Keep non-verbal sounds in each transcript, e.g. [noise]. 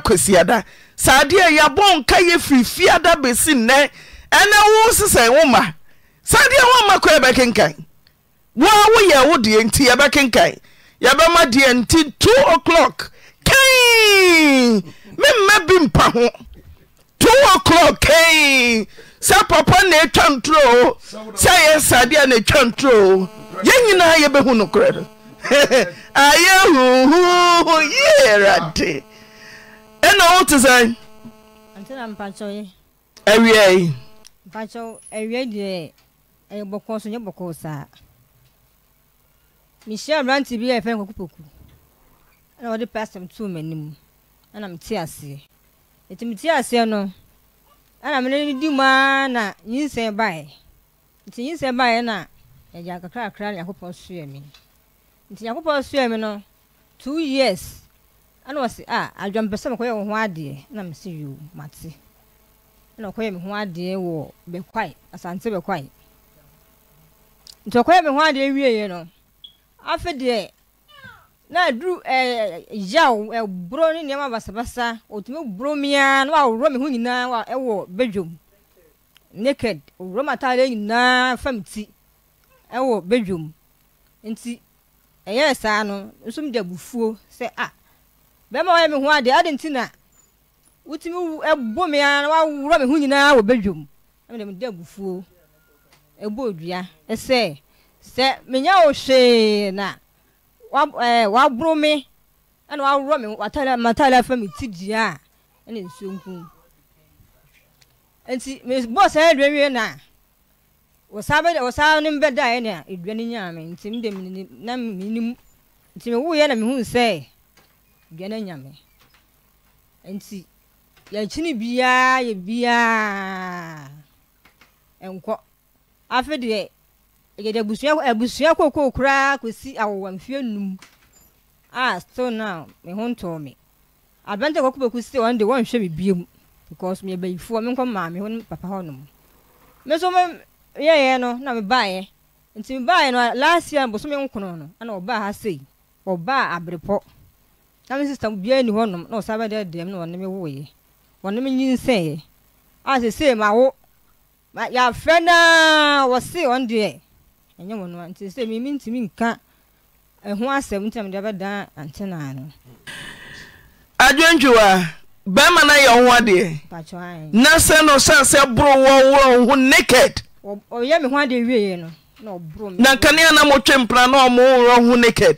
asdsadeɛ yɛbɔ ka yɛ firifiada bɛsinnɛ ɛnɛ wo sesɛ wo ma saa deɛ woma kɔ yɛbɛkenkan wowo yɛ wodeɛ ntiɛɛkenka yɛɛma deɛ nti 2 0clok memɛ bi mpa ho 20l sɛ pɔpɔ ne twa ntoro sɛ [laughs] yɛ sadeɛntwa ntyɛnyinaayɛbuou ɛna wo te sɛn awia yi mpakyɛw awia deɛ ɛyɛ bɔkɔɔ so nyɛ bɔkɔɔ saa mehyia aberante bi a yɛfɛ nkokopoku ɛna wɔde pɛ asɛm too m'anim ɛna mete aseɛ ɛti mete aseɛ no ɛna mene ne di mu aa na nyinsɛn baeɛ nti nyinsɛn baeɛ na yɛgya kakrakra ne nyankopɔn soɛ me nti nyankopɔn soɛ me no two years ɛna ɔsi a adwampɛsɛ mi kɔyɛ wɔn ho adeɛ ɛna mi si yoo mate ɛna ɔkɔyɛ mi ho adeɛ wɔ bɛkwae asante bɛkwae nti ɔkɔyɛ mi ho adeɛ wie yɛ no afe deɛ na aduru ɛɛ yaw ɛburo ne nneɛma basabasa otumi buro mia na wawurɔ mi ho nyinaa wa ɛwɔ bedwom naked owurɔ mi ataade nyinaa fam ti ɛwɔ bedwom nti ɛyɛ saa no nso mi de abufuo sɛ a. Ah, bɛrima wayɛ me ho adeɛ ade nti na wotumi ɛbɔ me ara na waworɔ me ho nyinaa wɔ badwam ɛmɛ mede agufuo ɛbɔ odua ɛsɛ sɛ menya wo hwee na waboro me ɛna waworɔ me matale afa me ti dua a nsuo nku nti mebɔɔ saa adua wie na wɔsaa ne mbɛda ɛne a adua no nyaa me nti mede na menim nti mewuyɛ na mehu sɛ dwane nyame nti yɛnkyini biara yɛ biara nkɔ afe deɛ yɛde abusua abusua kookoo koraa kɔsi awowɔ mfeɛ num a still now me ho ntɔɔ me aberante kɔkɔ bɛku sɛ wɔn de wɔnhwɛ me biem because meyɛ bayifoɔ menkɔ maame hɔ ne papa hɔ nom me nso yɛyɛ no na mi mebaeɛ nti mi mebaeɛ no last year bosome nkono no ana ɔbaa ha sei ɔbaa aberepɔ na me sista biara ni hɔnom na ɔsan bɛdɛ dɛm na ɔne me woeɛ ɔne me nyinsɛeɛ a sesei ma wo ma yɛafrɛ naa wɔse ɔn deɛ ɛnyɛ wɔn no nti sɛ mimi ntumi nka ɛho asɛm nti na mede bɛdan ante naa no adwentwiwa bɛrima no yɛ ho adeɛ na sɛ no sɛ sɛ boro wɔ worɔ ho naked ɔyɛ me ho adeɛ wieɛ no na nkanea na motwe mpena na ɔmo worɔ ho naked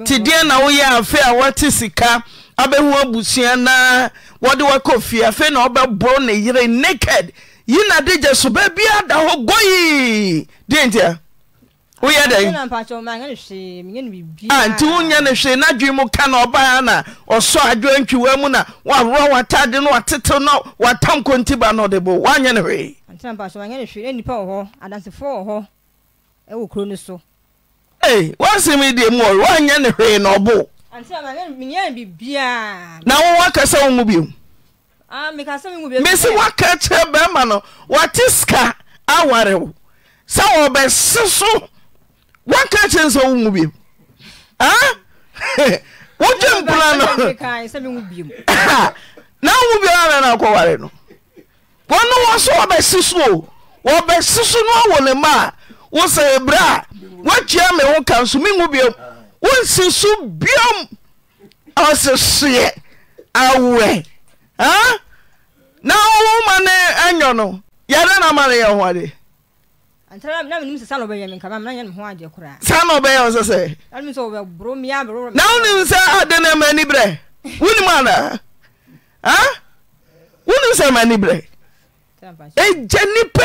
nti deɛn na woyɛ afe a woate sika abɛhu abusua na wɔde woakɔ fie afei na wɔbɛborɔ ne yere naked yi nade gye so baabiaa da hɔ goyi deɛ ntia woyɛ dɛnnti ah, wonya ne hwee n'adwene mu ka na ɔbaa na ɔsɔ adwoa ntwiwa mu na woaworɔ w'atade no watetew na wata nkonti na ɔde bo woanyɛ ne hwee wɔ kuro no so woasɛm yi deɛ mu ɔre woanyɛ ne hwee na ɔbo na wowaka sɛ wo mu biomesi woaka kyerɛ bɛrima no wate sika awarewo sɛ wɔbɛse so woaka kyerɛ n nso wo mu biom wogye mpona no na wo mu biom na akɔware no wɔne wɔ so wɔbɛse so o wɔbɛse so no awɔ ne ma a wosɛ berɛ a woatia me wo ka somenwu biom wonsi so biom ɔsesoɛ awoɛ na wowoma ne anyɔ no yaada nno ama no yɛ hoade sa na ɔbɛyɛ o sɛ sɛ na wonim sɛ ade no amani berɛ wonnim ana wonim sɛ amani berɛ ya nipa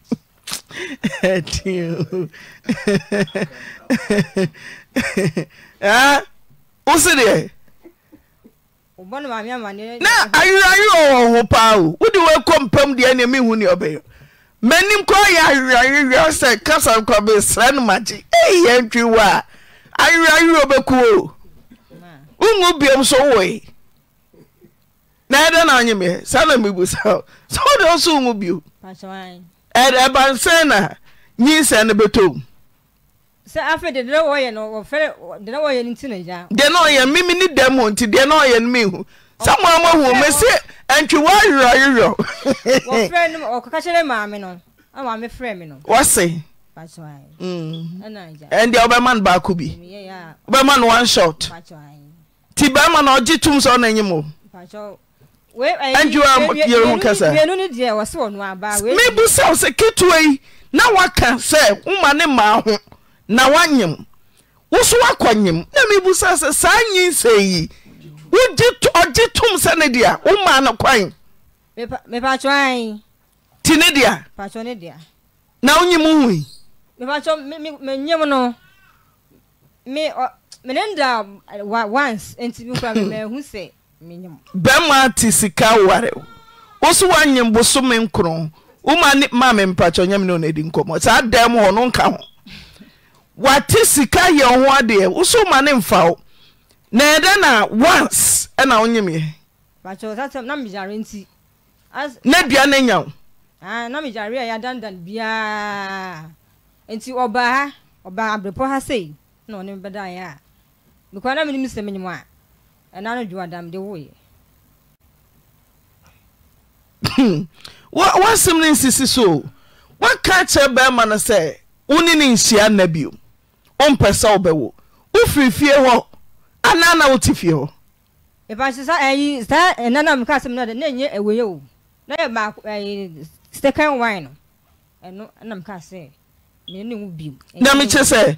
[laughs] woseɛwaewɔ ho paa wode wokɔpɛ enmehun mani kɔyɛ easɛ kasakserɛ nomagye ɛntwi w a waebɛk wou biom so woe ɛnaysɛn ɛwodeswwu bi ɛbansan na nyinsɛn no bɛtɔ mu. sɛ afei deɛ deɛ wɔyɛ no wɔfɛrɛ deɛ wɔyɛ no ti na gya. deɛ na ɔyɛ mimi ni dɛm ho nti deɛ na ɔyɛ no mi hu sáwọn ọmọ wò mí sí ẹntwi wọ́n ayọ̀rọ̀ ayọ̀rọ̀. wọ́n fẹ́ ẹni ọkọ̀ káṣẹ́rẹ́ maame nọ ọ maame fẹ́ mi nọ. wọ́n sè. ẹnìdí ọbẹ̀ man baako bi ọbẹ̀ man one shot ti bẹ́ẹ̀ ma na ọjí tum sọ ọ na ẹ̀yìn mebu sɛwo sɛ ketewa yi na woaka sɛ woma ne maa ho na woanyem wo so woakɔ nyim na mebu sa sɛ saa nyinsɛ yi ɔgye tom sɛ ne dea anyị. no kwan ti ne dea na wonyim wohui menem da once nti mekora memahu sɛ bɛima te sika ware wo so woanyem bosome nkoro woma mempa nyamene onedi nkɔmmɔ saa da m hɔ no nka ho wate sika yɛ wo ho adeɛ wo so woma ne mfa wo na ɛdɛ na once ɛna wonyemyɛ na dua no nya wo ah, nti ɔbaa ha abrɛpɔ ha sei na ɔne bɛdaeɛ a mekwa na menim sɛ menyem a [clears throat] woasɛm no nsisi sɛ woaka akyerɛ baima no sɛ wonni ne nhyia nna bio wompɛ sɛ wobɛwo wofiri fie hɔ anaa na wote fie hɔna meye sɛ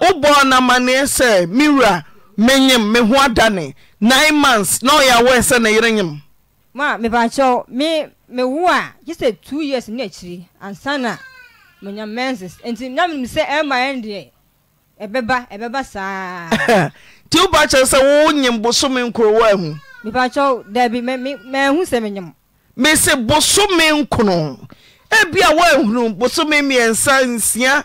na namanneɛ sɛ mewura menyim me ho adane nine months na ɔyɛ awɔɛ sɛ na yere nyim ma mepakyɛw me mewu a gye sɛ two years ne akyiri ansa na manya menses nti na menim sɛ ɛma eh, ɛn eh, deɛ ɛbɛba ɛbɛba e saa [laughs] nti woba kyerɛ sɛ wowo nyim bosome nkurowa ahu mepakyɛw daabi mahu sɛ menyim mese bosome nkono ebia woahunu bosome mmiɛnsa nsia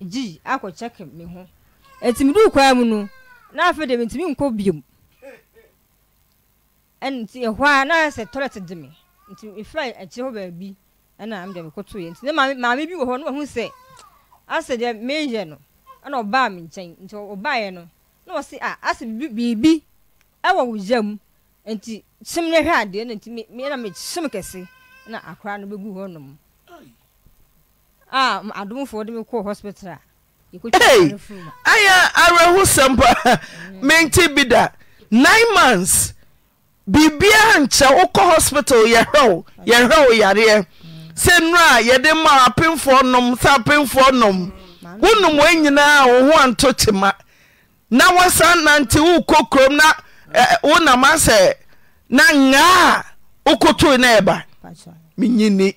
gyi akɔkyɛke me ho ɛti meduu kwaa mu no na afei deɛ mentumi nkɔ biom ɛn nti ɛhɔ a na sɛ tɔlɛt de me nti mefra akyire hɔ baabi ɛna am deɛ mekɔtoeɛ nti ne maame maame bi wɔ hɔ na wahu sɛ asɛ deɛ meyɛ no ɛna ɔbaa me nkyɛn nti ɔbaeɛ no na ɔsi a ah, asɛ biribi ɛwɔ wo mu nti kyem no hwɛ adeɛ no nti ɛna mekyem kɛse na akora no bɛgu hɔ nom adomfoɔ de mekɔ hospital ayɛ awerɛho sɛm pa [laughs] menti bi da nine months biribiaa nkyɛ wokɔ hospital yɛhwɛw yɛhwɛw yareɛ sɛ nnura a yɛde ma apemfoɔ nom sɛ apemfoɔ nom mm, wonom wa nyinaa wo ho anto kyema na nante kurom na wonama na na ɛba menyini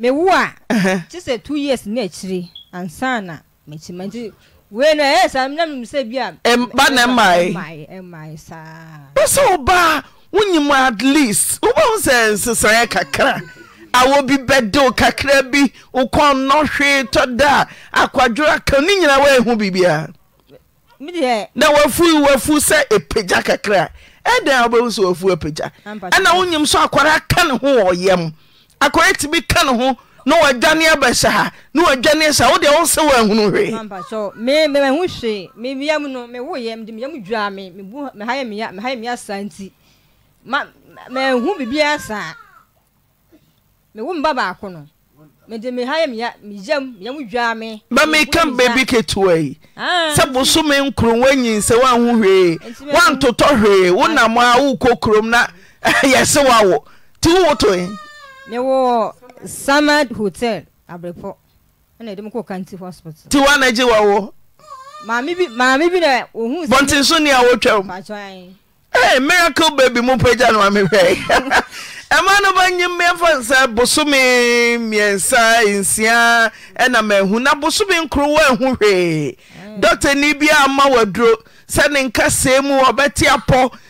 wosɛ wobaa wonyim at least wobaho sɛ nsesaeɛ kakra awɔbi bɛde wo kakra bi wokɔnɔ hwee tɔ da a akwadworɛ aka ne nyina woahu birbia na wwafu sɛ pagya kakraa dɛn a wobh sɛ wafu pagya ana wonyim so akware aka ne ho wɔyam akɔyɛ tumi ka ne ho na wadwane abɛhyɛ ha ne hyɛ wode wo sɛ woahunu hweemaho hwee mewiam no mewoyɛ mede meyam dwaa me ma asaa nti mahu biribiaa saa mewo mba baako no mede mehayɛ meyam ya dwaa ketewa yi ah. sɛ hwee hwee ah. kurom na [laughs] ne wɔ samad hotel abrepɔ ɛna ɛde mu kɔ kanti hospital. tiwa na gye wa wo. maame bi maame bi na ohun. bɔnten so ni a wotwa o. ee miracle baby mu pagya na maame hwɛ. [laughs] ɛma no ba nye mmeɛfa nsa bosome mmiɛnsa nsia ɛna mɛhu na bosome nkoro wɔ ɛho hwee mm. dɔkta ni bi ama waduro sɛ ne nkasɛɛ mu ɔbɛte apɔ.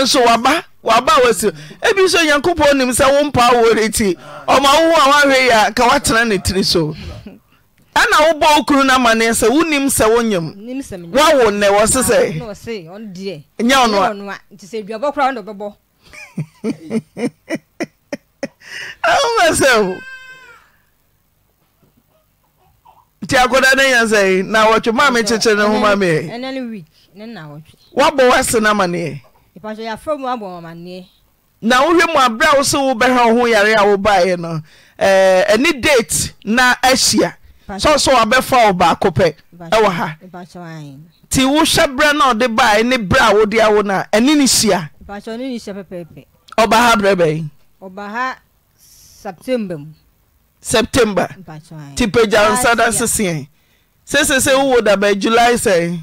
nso waba waba wɔsi ebi nso nyankopɔn nim sɛ wo mpa wɔ ne ɔma a woahwɛ yɛ a ka woatena ne tiri so ɛna wobɔ wo kunu no amanneɛ sɛ wonim sɛ wonyam woawo nnɛ wɔ se sɛ nyɛ ɔno a woma sɛ [laughs] nti akoda no nya sɛe na wɔtwe maa mekyekyere ne ho ma meɛ woabɔ woase no amanneɛ na wohwɛ mu aberɛ a wo sɛ wobɛha wo ho yare a wobaeɛ no ɛne eh, date na ahyia sɛ sɛ wabɛfa wo baako pɛ ɛwɔ ha nti wohwɛ berɛ na ɔde bae ne berɛ a wode awo no a ɛne ne hyia ɔba ha berɛ bɛn september nti pagya wo nsa da seseɛ sɛsɛ sɛ wowo daba july sɛn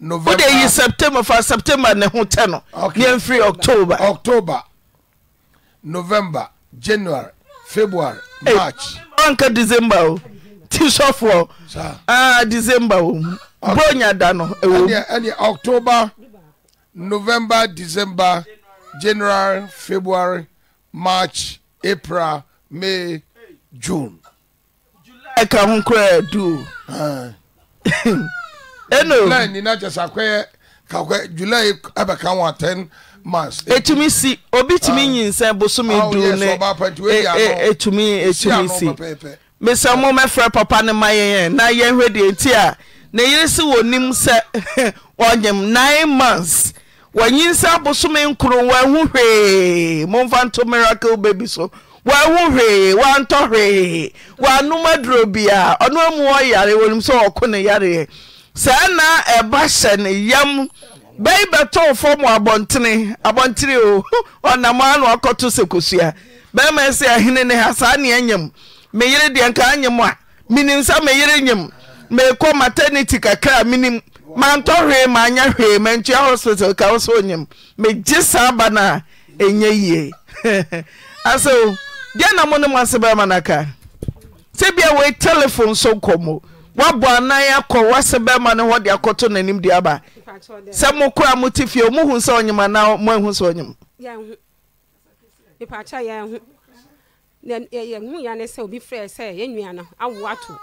wode yi september fa september ne ho tɛ no neɛmfiri october october november january february march ɔnka december o ti sɔfoɔ ah december o bonya da no ɛwɔ october november december january february march april may june ɛka ho koraa duo [laughs] ɛno july july ten etumi si obi tumi ah. nyinsa bosomi ah, oh, duru ne etumi e, e, e etumi si mo papa ne ma na yɛn hwɛ deɛ nti a ne yere si ọ nim sɛ ɔnyam [laughs] nine months wɔnyinsɛn bosomi nkuru wɔn ho hwee mo nfa nto miracle baby so wɔaho hwee hwee aduro bia saa na ɛba hyɛ ne yam bɛyi bɛtɔɔ fam abɔntene abɔntene o ɔnam [laughs] a na wakɔto sɛ kosua bɛrima ɛsɛ ahene ne ha saa nea nyam meyere deɛ nka anyam a menim sɛ meyere nyam meekɔ maternity kakra a menim mantɔ hwee maanya hwee mantua hospital ka wo sɛ onyam megye saa ba no a ɛnyɛ yie [laughs] asɛ o deɛ na mo ne mo ase bɛrima no ka sɛ bia wei telephone so nkɔmmɔ woabɔ anan akɔ woasɛ bɛrima ne hɔ de akɔto n'anim de aba sɛ mo koraa mote fie omuhu sɛ ɔnyim anaa moahu sɛ ɔnyim yɛhu ya ne sɛ obi frɛ sɛ yɛ nua no awo ato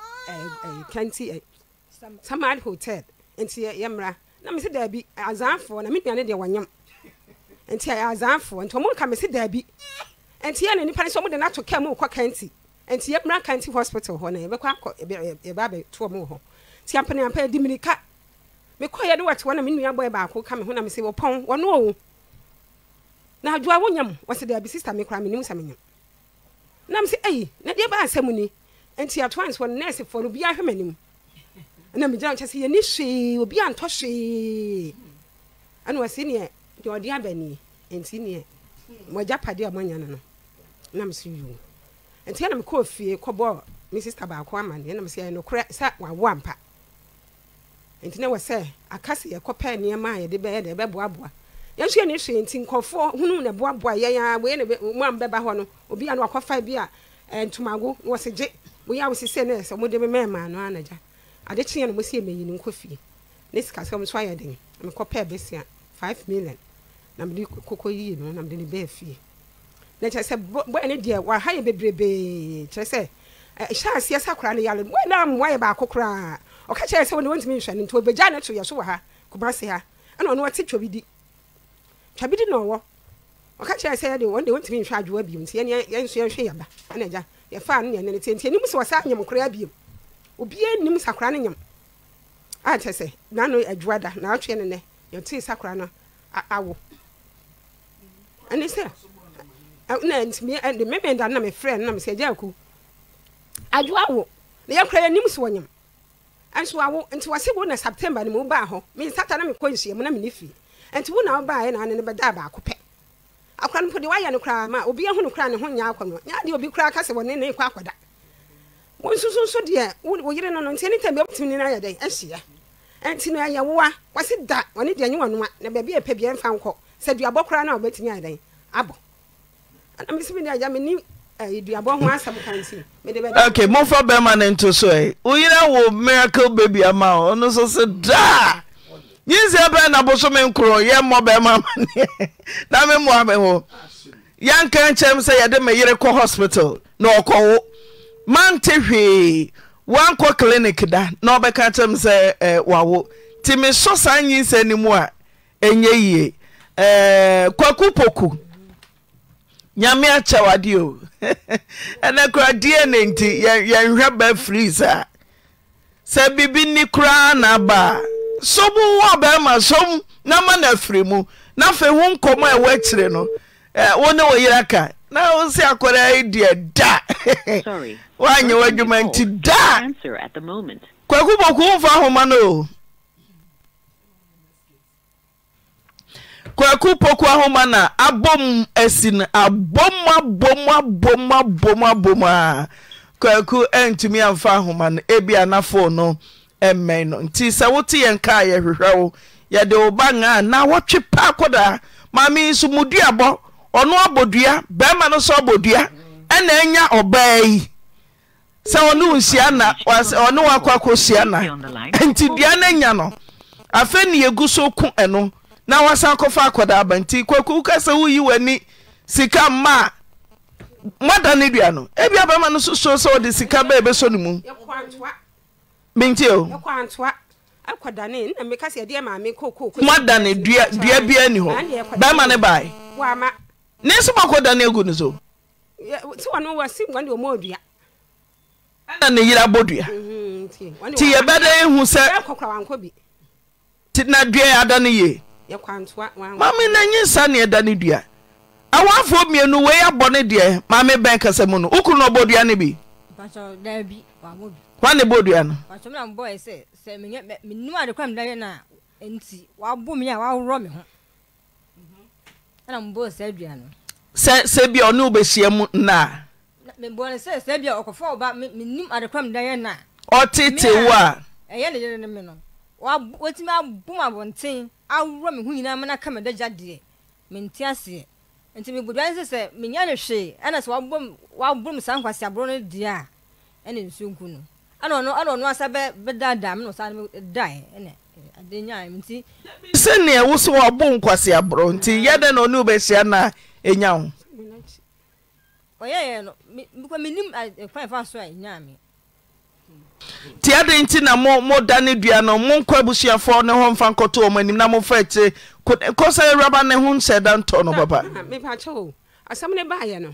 kanti samad hotel nti yɛmmra na mese daabi azaafoɔ na me nua no deɛ wɔnyem nti azaafoɔ nti ɔmo nka mese daabi nti yɛ no nnipa no sɛ ɔmode no ato ka mu wokɔ nti yɛ mmira kanti hospital hɔ na yɛbɛkɔ akɔ yɛba abɛto ɔmo hɔ ti ampanimpa yɛ di mirika mekɔ yɛ de wɔte hɔ na me nua bɔyɛ baako ka me ho na me se wɔpɔn wɔn owu na adwoa wonyam wɔsi de abi sista mi kora me nim sami nyam na me se eyi na deɛ ba asɛm ni nti ato ansi wɔn nɛɛsi fɔ no obiara hwɛ mɛ nim ɛna me gyina kyɛ sɛ yɛ ni hwee obiara ntɔ hwee ɛna wɔsi neɛ deɛ ɔde aba nie nti neɛ mo agya padeɛ a mo anya no no na me se yiwu nti ɛna mekɔɔ fie kɔbɔ me sista baako ama ne ɛna mesɛ ɛyɛ nokorɛ sɛ wawo ampa nti na wɔ sɛ aka sɛ yɛkɔpɛ nneɛma a yɛde bɛyɛ de ɛbɛboaboa yɛn nso yɛ ne hwee nti nkɔfoɔ hunu na boaboa yɛn a wei na mu a mbɛba hɔ no obi a no akɔfa bi a eh, ntomago na wɔsi gye woyɛ a wɔsi sɛ ne sɛ wɔde mi mɛɛma ano anagya ade kyeɛ no wɔsi ɛmɛ yini nkɔ fie ne sika sɛ wɔn nso ayɛ den mekɔpɛ bɛsia five million na mede koko yie no na mede ne bɛɛ fie na kyerɛ sɛ bɔyɛ ne deɛ waha yɛ bebrebee kyerɛ sɛ ɛhyɛ aseɛ sɛ akora no yare bɔyɛ nam wayɛ baako koraa ɔka kyerɛ sɛ wɔne wɔntumi nhwɛ no nti wɔbɛgya ne to yɛ so wɔ ha kumase ha ɛna ɔno wɔte twabidi twabidi na ɔwɔ ɔka kyerɛ sɛ yɛde wɔn de wɔntumi nhwɛ adwowa bio nti yɛn yɛn nso yɛnhwɛ yaba ɛna gya yɛfa ano yɛn nene tiɛ nti anim sɛ wɔsa nyam koraa bio obiara nim sakora no nyam a kyerɛ sɛ n'ano adwowa da n'atwe ne nɛ yɛte sakora no awo ɛne sɛ Eh, na ntumi ɛnde mmɛmɛ nda na mɛfrɛ no na mɛsɛ gya ku adwoa wo na yɛkora yɛnim so wɔnyam nso awo nti wɔse wo na september no mu wobaa hɔ mensata na mekɔ nsua mu na mene firi nti wo na wobaeɛ na ane no bɛdaa baako pɛ akora no mpo deɛ woayɛ no koraa ma obi ahu no koraa ne ho nyɛ akɔnnɔ nyɛ adeɛ obi koraa ka sɛ wɔne ne kɔ akɔda wo nso so nso deɛ wo yere no no nti ɛne tam bi wobɛtumi ne no ayɛ dɛn ahyia nti no ɛyɛ woa wɔse da wɔne deɛ nye wɔnoa na baabi a ɛpɛ biɛ mfa nkɔ sɛ duabɔ koraa no a wobɛtumi ayɛ dɛn abɔ Eh, ok momfa bɛrima no nto so ɛ woyina wo miracle baby ama o ɔno so se daa nyinsia bɛɛ na bosome nkorɔ yɛmmɔ bɛrima amaneɛ [laughs] na memmoa me ho yɛnka nkyɛm sɛ yɛde me yere kɔ hospital na ɔkɔwo mante hwee woankɔ clinic da na ɔbɛka kyɛm sɛ eh, wawo nti mesɔ saa nyinsɛ no mu a ɛnyɛ yie kwaku poku nyamea kyɛwadeɛ o [laughs] ɛnɛ kora diɛne nti yɛnhwɛ ba fries a sɛ biribi nni koraa na aba a som wɔ ɔbɛrima som na ma na afiri mu na afei ho nkɔmmɔ a ɛwɔ akyirɛ no wo ne wɔ yera ka na wosi akɔrea yi deɛ da [laughs] woanye w'adwuma nti da kwaku bɔkumfa ahoma no o kwaku poku ahụ ma na abom esi na abom abom abom abom abom a kwaku ntumi amfa ahụma na ebi ana foonu mmɛn no nti sɛ wote yɛn kaa yɛ hwehwɛ yɛde wo ba ŋa a na wɔtwe paa kɔdaa maame nso mu duabɔ ɔno abɔ dua bɛrima no nso abɔ dua ɛna anya ɔbaa yi sɛ ɔne wo sia na ɔne wakɔ akɔ sia na nti dua no anya no afei ne yɛgu so ko ɛno na wasan kɔfa akɔdaa aba nti kwaku kasɛ woyi w'ani sika mma a moada ne dua no ebi abama no sosuo sɛ ɔde sika bɛɛ bɛsɔ ne mu menti o moada ne dua dua biara ni hɔ bɛrima ne bae ne nso makɔdane agu no so ɛna ne yere abɔ dua mhm, nti yɛbɛdɛ ehu sɛ na dua yɛ ada ne yie mame na nye nsa ne ɛda ne dua awafoɔ mmienu wei abɔ ne deɛ mame bɛn kasa mu no wokuru no ɔbɔdua no bi hwane bɔdua no sɛ bia ɔne wobɛhyia mu nnaa ɔtete wo a aworɔ me ho nyinaa mana ka madagya deɛ minti aseɛ nti mebodua ne sɛ sɛ menya ne hwee ɛna sɛ waboro m saa nkwaseaborɔ no deɛ a ɛne nsuo nku no ɛna ɔno ɛna ɔno asa bɛ bɛdaadaa me na ɔsa no dae ɛna eh, ade nyaa nti. sɛnea wo so wabɔ nkwaseaborɔ nti yɛdɛ na ɔne wobɛhyia na ɛnya wo ɔyɛyɛ no mekɔ menim eh, kwan fa so a tia adɛn nti na dua no ne mfa nkɔto anim na momfa akyire kɔ sɛ ne ho da ntɔ no ne no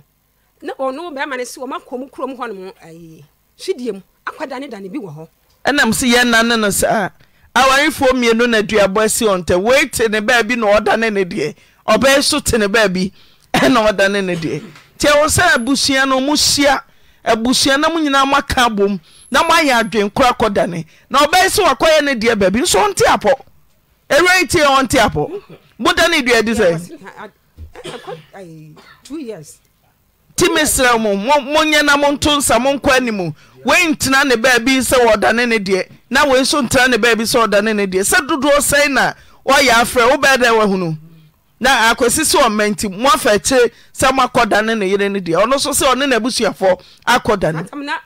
na ɔno bɛrima no sɛ ɔmakɔ mu kurom hɔ nom mu dane bi wɔ hɔ ɛnam no saa ah, mmienu na aduabɔ asi ɔ ntɛ wei te ne baabi na ɔdane ne deɛ ɔbɛyɛ so ne baabi ɛna [laughs] ɔdane ne deɛ sɛ abusua na mu nyinaa moaka abom na moayɛ adwen kora kɔdane na ɔbɛyɛ sɛ wakɔyɛ no deɛ baabi nso ɔnte apɔ ɛwura tie ɔnte apɔ modane duadi sɛ ti mesrɛ mo monyɛ na monto nsa monkɔ animu wei ntena ne baabi sɛ wɔdane ne deɛ na wei nso ntena ne baabi sɛ ɔdane ne deɛ sɛ dodoɔ sɛe na ɔyɛ afrɛ wobɛɛ dɛ wahunu na akwasi sɛ mụ nti eche kyire mụ moakɔda ne ne yere no deɛ ɔno so sɛ ɔne n'abusuafoɔ akɔda ne na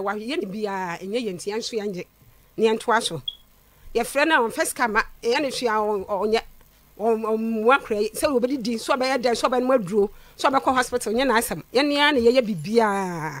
wayɛ ne ọ ɛnyɛ yɛ nti yɛnso yɛngye ne yɛntoa so yɛfrɛ no ya sika ma ɛyɛ ne so a na ɔmmoa na sɛ na ya na dɛn so ɔbɛnom aduro ya ɔbɛkɔ hospital na ya na ya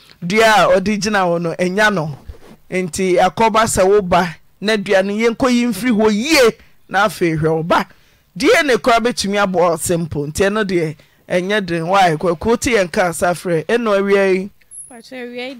dua a ɔde gyina hɔ no ɛnya no nti akɔba sɛ woba na dua no yɛnkɔ yi mfiri hɔ yie na afei hwɛ ɔba deɛ ne kora bɛtumi aboa ɔsempo nti ɛno deɛ ɛnyɛ den wae kwakuo te yɛn ka asa frɛ awia yi awia ha ɛyɛ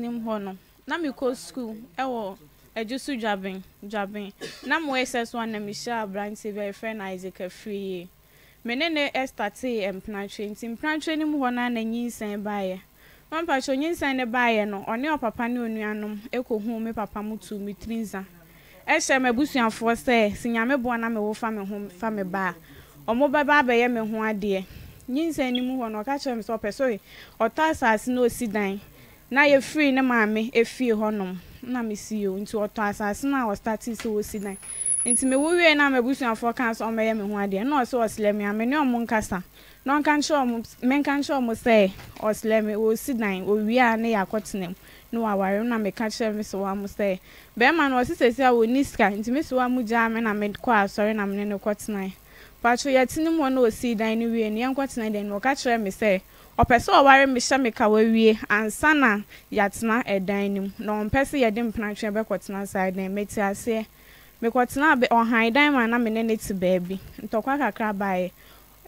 nim hɔ no na skuul ɛwɔ ɛgye so dwaben dwaben na mo ss one na mehyɛ aberanteɛ bi a yɛfrɛ no isaac afiri yie me ne ne ɛstatee mpenatwe nti mpenatwe no mu hɔ no a na nyinsɛn baeɛ mampatwo nyinsɛn ne baeɛ no ɔne ɔpapa ne onuanom ɛkɔhu me papa mu tu me tiri nsa ɛhyɛ m'abusuafoɔ sɛ sɛ nyame boa na mewɔ fa me ho fa me ba a ɔmo bɛba abɛyɛ me ho adeɛ nyinsɛn no mu hɔ no ɔka kyerɛ me sɛ ɔpɛ sɛ ɔtɔ asase na osi dan na yɛfiri ne maame efie hɔnom na mesi o nti ɔtɔ asase na ɔstati sɛ wɔsi nan nti mewu wie na mabusuafoɔ kaa sɛ ɔmɛyɛ me ho adeɛ na ɔsɛ ɔsilɛ me a me ne nkasa na ɔnka nkyerɛ ɔmo menka nkyerɛ ɔmo sɛ ɔsilɛ me wɔsi dan owie a ne yɛ akɔtena mu na waware na meka kyerɛ me sɛ wɔamo sɛ bɛrima no ɔsi sɛsi a wɔni sika nti me sɛ wɔamo gyaa me na mekɔ asɔre na me ne no kɔtena patro yɛtene mu hɔ na ɔsii dan no wie no yɛnkɔtena dan no ɔka kyerɛ me sɛ ɔpɛ sɛ ɔware mehyɛ me ka wawie ansa na yɛatena ɛdan no mu na ɔmpɛ sɛ yɛde mpenatwe bɛkɔtena saa dan mɛti aseɛ mekɔtena ɔhan dan mu a na mene ne te baabi ntɔkwa kakra baeɛ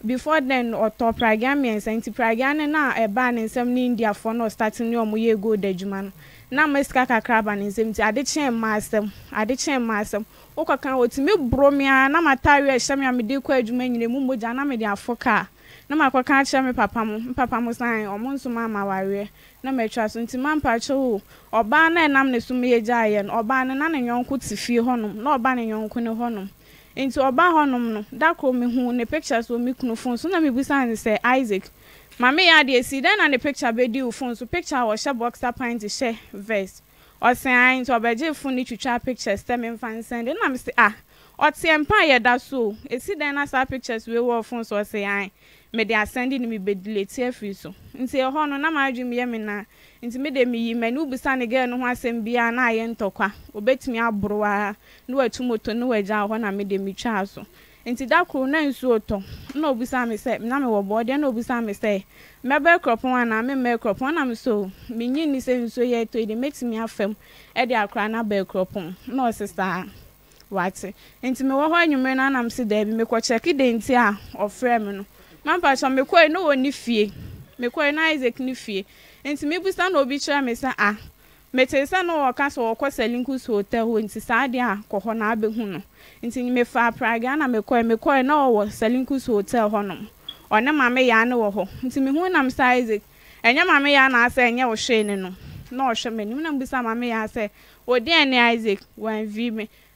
before then ɔtɔ pragea mmiɛnsa nti pragea no na ɛbaa ne nsɛm ne indiafoɔ na ɔstate ne ɔmo yɛ gold adwuma no na ma sika kakra ba ne nsɛm nti ade kyɛn mma asɛm ade kyɛn mma asɛm wokɔka wɔtumi boro me a na mataareɛ ɛhyɛ me a mede kɔ adwuma nyina mu mogya na mede afɔ kaa na makɔka akyerɛ me papa mo mpapa mo san ɔmo nso ma ama awareɛ na matwa so nti mampa kyerɛ o ɔbaa na ɛnam ne so meyɛ gyaeɛ no ɔbaa no na ne yɔnko te fie hɔnom na ɔba ne yɔnko ne hɔnom nti ɔbaa hɔnom no da koro mehu ne picture so me kunu fon so na mebisa ne sɛ isaac maame yɛ adeɛ si dɛn na ne picture bɛdi wo fon so picture a wɔhyɛ boxer pint hyɛ vest ɔsɛn ayi nti ɔbɛgye fon ne twitwa pictures sɛ memfa nsɛn de na me se ah ɔte mpa yɛ da so esi dan na saa pictures wee wɔ fon so ɔse an mede asɛnde ne so nti ɛhɔ no me na nti mede meyi ne gɛɛ no ho asɛm na ayɛ ntɔkwa na watu moto ne wagya na so nti da na nsuo tɔ na obisa me sɛ na mewɔ bɔɔdeɛ na obisa sɛ mɛbɛ na me so menyi ni sɛ nsuo yɛ tɔ yi de ɛde akora na bɛɛ na saa wate nti mewɔ hɔ anwummerɛ no anam se daabi mekɔkyɛke de nti a ɔfrɛ me no mampakyɛ mekɔe na ɔnni fie mekɔe na isaac ne fie nti mebusa na obi kyerɛ me sɛ a ah, mete sɛ na wɔka sɛ wɔkɔ salinkus hotel hɔ nti saa deɛ a kɔ hɔ na abɛhu no nti mefaa praga na mekɔe mekɔe na ɔwɔ salinkus hotel hɔnom ɔne maame yaa ne wɔ hɔ nti mehu nam sɛ isaac ɛnyɛ maame yaa na asɛ ɛnyɛ ɔhwee ne no na ɔhwɛ m'anim na mbusa maame yaa sɛ odeɛ ne isaac wɔanvi me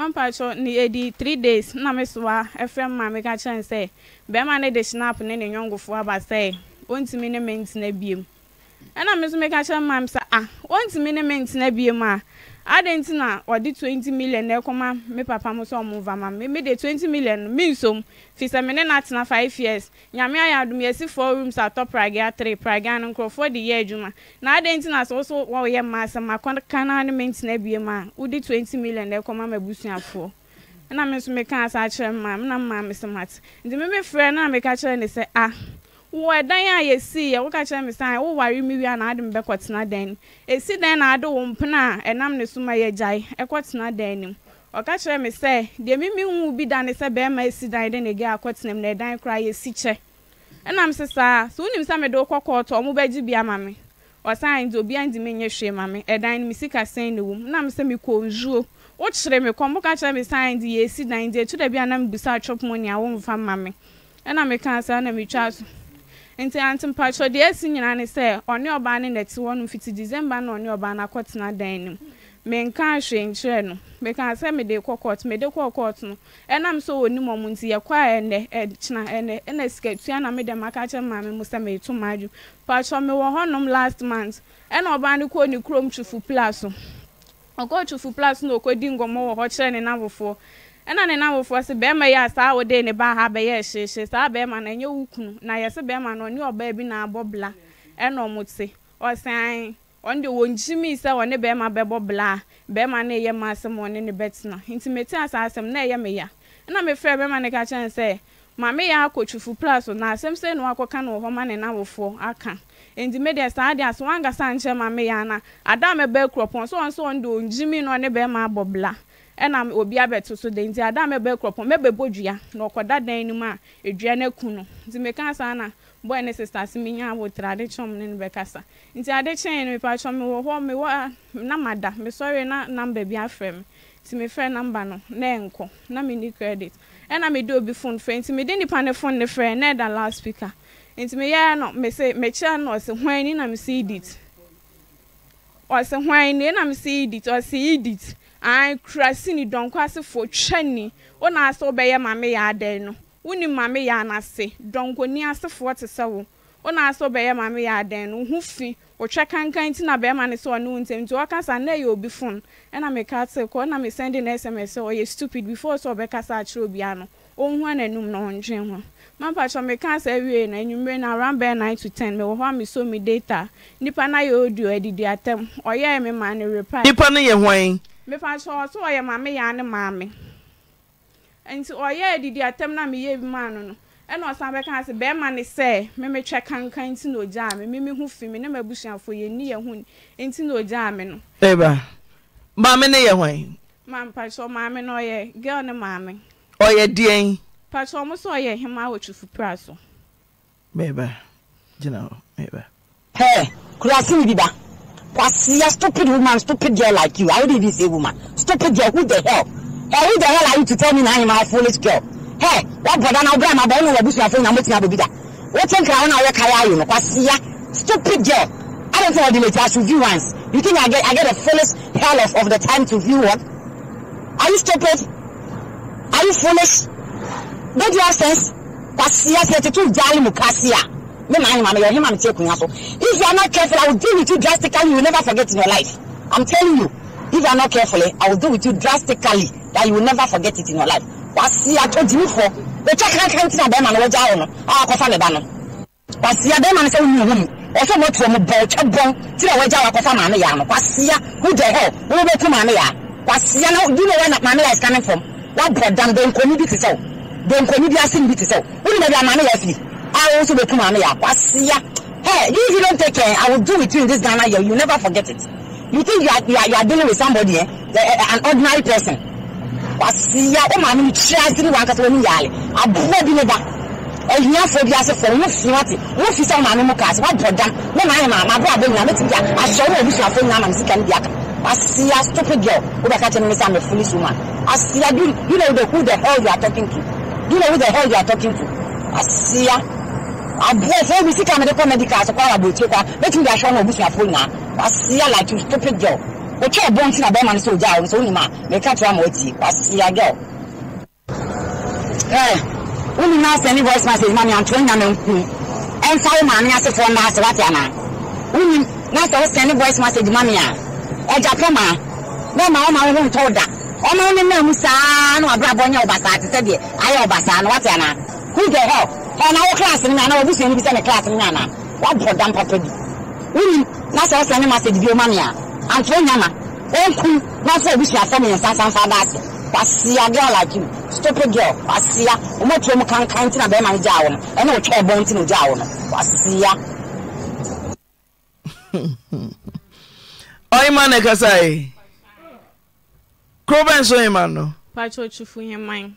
mampakyɛ ne ɛdi three days na mesoa ɛfrɛ m ma meka kyerɛ n sɛ bɛrima ne de snap ne ne nyɔnkofoɔ aba sɛ ɔntumi ne me ntena biem ɛna me nso meka kyerɛ mam sɛ Ah. ɔntumi ne me ntena biem a ah, adị ntị na ọ dị 20 million n'ekwoma ekwoma papa m sọ ọmụ va ma me de 20 million me nso m fisa na-atena 5 years nyame ayɛ adom yɛsi 4 rooms atɔ pragea 3 pragea no nkurɔfoɔ de yɛ adwuma na adị ntị na sɛ wosɛ wɔyɛ mma asɛm akɔka na ne mentena bie m a wode 20 million n'ekwoma ekwoma ma abusuafoɔ ɛna m nso ka asa akyerɛ mma m na mma me sɛ mate nti me mefrɛ no na meka kyerɛ ne sɛ a. Ah, wɔ dan a yɛsii yɛ woka kyerɛ me san woware a na ade ɛsi dan na ade wo mpena a ɛnam ne so ma yɛgyae ɛkɔtena dan ɔka kyerɛ me sɛ deɛ mimi bi da ne sɛ bɛrima asi dan de ne gɛ akɔtena mu na ɛdan koraa yɛsi kyɛ ɛnam sɛ saa sɛ mede wokɔ kɔɔtɔ ɔmo bɛgye ɔsan de ma ɛdan no ne sɛ wokyerɛ woka kyerɛ me de yɛsi dan de na mebusa atwɔpmo nea womfa ma na metwa so nti ante mpatsɔ deɛ esi nyinaa ne sɛ ɔne ɔbaa ne na ɛte hɔ no fiti december na ɔne ɔbaa no akɔtena dan no mu menka ahwɛ nkyerɛ no meka sɛ mede kɔ court mede kɔ court no ɛnam sɛ wɔnim ɔmo nti yɛkɔ a ɛnɛ ɛkyena ɛnɛ ɛna sikatua na mede maka kyerɛ maame mu sɛ meto maadwo patsɔ mewɔ hɔnom last month ɛna ɔbaa no kɔɔ ne kurom twufu pla ɔkɔɔ twufu pla so na ɔkɔdi nkɔmmɔ wɔ hɔ kyerɛ ne n'abofoɔ ɛna ne fo sɛ bɛrima yi a saa wode ne ba ha bɛyɛ hyeehye saa bɛrima no ɛnyɛ wo kunu na yɛsɛ bɛrima no ɔne ɔbaa bi na abɔ bla ɛna ɔmo te ɔsan ɔno deɛ wɔnkyimi sɛ ɔne bɛrima bɛbɔ bla a bɛrima no ɛyɛ ma asɛm ɔne ne bɛtena nti mete asaa asɛm na ɛyɛ me ya ɛna mefrɛ bɛrima no ka kyɛn sɛ maame yɛ akɔ twufu pla so na asɛm sɛ na wakɔka no wɔ hɔ ma ne namfofoɔ aka nti me deɛ saa deɛ aso wankasa nkyɛ maame yɛ ana ada a mɛbɛ kurɔpɔn so ɔno sɛ ɔno deɛ ɔngyimi no ɔne bɛrima abɔ bla ɛna obi abɛto so de nti adaama mɛbɛ kurɔpɔn mɛbɛbɔ dua na ɔkɔda dan no mu a edua no eku no nti mɛka saa na boy ne sista si mi nya abotire adekyɛm ne no bɛkasa nti adekyɛn no mepɛ akyɛm wɔ hɔ mewɔ a na mada mesɔre na namba bi afrɛ me nti mefrɛ namba no na ɛnkɔ na ni credit ɛna mede obi phone frɛ nti mede nipa ne phone ne frɛ na ɛda last speaker nti meyɛ no mese mekyerɛ no ɔse hwan ni na mese edit ɔse hwan ni na mese edit ɔse edit an kurasi dɔnko asefoɔ twɛni ɔna ase ɔbɛyɛ maame yɛ adan no woni maame yɛ anase dɔnkoni asefoɔ te sɛ wo ɔna ase ɔbɛyɛ maame yɛ adan no ho fi kankan ti na bɛrima ne sɛ ɔne na ɛyɛ obi fon ɛna e na sms ɔyɛ stupid before sɛ ɔbɛkasa akyerɛ obia no n'anum na ho na around to hɔ data nnipa mefa so ɔsɛ ɔyɛ maame yɛ ne maame nti ɔyɛ adidi atɛm na meyɛ bi maa no no ɛna ɔsan bɛka bɛrima ne sɛ memetwɛ kankan nti na ogyaa me meme ho fi me ne m'abusuafo yɛnni yɛ ho nti na ogyaa me no maame ne yɛ mampasɛ maame no ɔyɛ girl ne maame ɔyɛ deɛn pasɛ ɔmo sɛ ɔyɛ hema wɔ twufu pra so bɛba gyina hɔ bɛba hɛ ne bi Wasi, a stupid woman, stupid girl like you. I wouldn't even say woman. Stupid girl, who the hell? Hey, who the hell are you to tell me now I'm a foolish girl? Hey, what brother now, brother, my boy, no, bush, my friend, I'm waiting, I'll be there. What think I want to work you know? Wasi, stupid girl. I don't think I'll be I should view once. You think I get, I get a foolish hell of, of the time to view one? Are you stupid? Are you foolish? Don't you have sense? Wasi, a 32 jali mukasia me ma him me him am take kunya so if you are not careful i will deal with you drastically you will never forget in your life i'm telling you if you are not careful eh, i will deal with you drastically that you will never forget it in your life wasi atodimi fo wetwa kankan ti na bɛrima no wɔgya wo no a wakɔfa ne ba no wasi abɛrima no sɛ wonyi wo mu ɔsɛ mo tuo mo bɔ ɔtwa bɔn ti na wɔgya wakɔfa maame yaa no wasi a who the hell wɔn bɛ ku maame yaa wasi a na do you know where maame yaa is coming from wabɔ dam donkoni bi ti sɛw donkoni bi ase bi ti sɛw wɔn nyinaa bi a maame yaa firi. I also become an here. Kwasia. Hey, if you don't take care, I will do with you in this Ghana year. You never forget it. You think you are you are, you are dealing with somebody, eh? eh an ordinary person. Kwasia. Oh man, you try to do one because when you are, I brought you never. ɛhiafoɔ bi ase fɔm wofiri wate wofiri sɛ woma me mu kaa sɛ woabɔ dam ne maayɛ ma mabɔ abɔ nyina mɛtumi a ahyɛ wo ma obusuafoɔ nyina ma me sika no bi aka asia stupid girl wobɛka kyɛ no me sɛ I'm a foolish woman asia do you know who the hell you are talking to do you know who the hell you are talking to asia aboɔfo bi sika mede kɔ medical so kɔra abotire kwa bɛtumi de ahyɛ no abusuafoɔ nyinaa wasia like you stupid girl wotwa ɛbɔ nti na bɛrima no sɛ ogyaa wo nso wonim a meka kyerɛ ma watie wasia girl wo nyinaa sɛne voice message ma meantoa nyame nku ɛmfa wo maame asefoɔ nda ase wate anaa wonim na sɛ wosɛne voice message ma me a ɛgya pɛ ma bɛrima wo ma wo ho ntɔ da ɔma wo ne nam mu saa na wabrabɔ nyɛ wo basaa te sɛ deɛ ayɛ wo basaa no wate anaa who the hell ɔnawo class no nyana wabusu ani bisa ne class no nyana wabɔ dam papa bi wuli na sɛ ɔsɛ ne ma sɛ dibi o ma ne a antoro na obusu fa girl like you stupid girl wasia ɔmo tuo mu kankan ti na bɛrima no gyaa wɔn ɛna ɔtwa ɛbɔn ti na ɔgyaa wɔn wasia. ɔyima na ɛkasa yi kuro bɛn so yima man.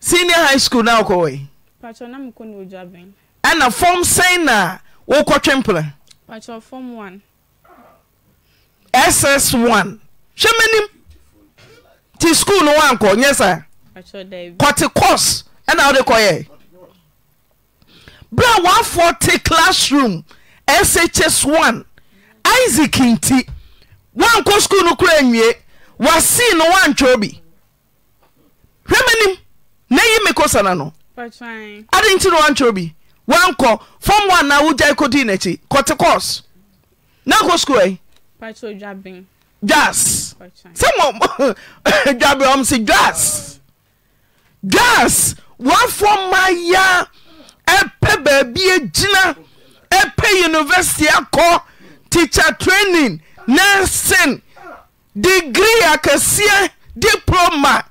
senior high school na wokɔ wɔ yi patro na mekɔ ne ogya bɛn ɛna fɔm sɛn na wokɔtwe mpena patro fɔm one ss one hwɛ m'anim nti skuul no woankɔ nyɛ saa kɔte cos ɛna wode kɔyɛ berɛ a waafoɔ te classroom shs one. isaac nti woankɔ skuul no kora nwie wasii no woantwerɛ bi hwɛ m'anim Neyi yi me kɔsana no ade nti no wankyerɛ bi woankɔ fam one na wogyae kɔdii n'akyi kɔte cos na nkɔ sukuu ai dwas sɛ mɔ dwabe ɔm se dwas dwas woafoɔ ma ya ɛpɛ baabi agyina ɛpɛ university akɔ teacher training nursing degree akɛseɛ diploma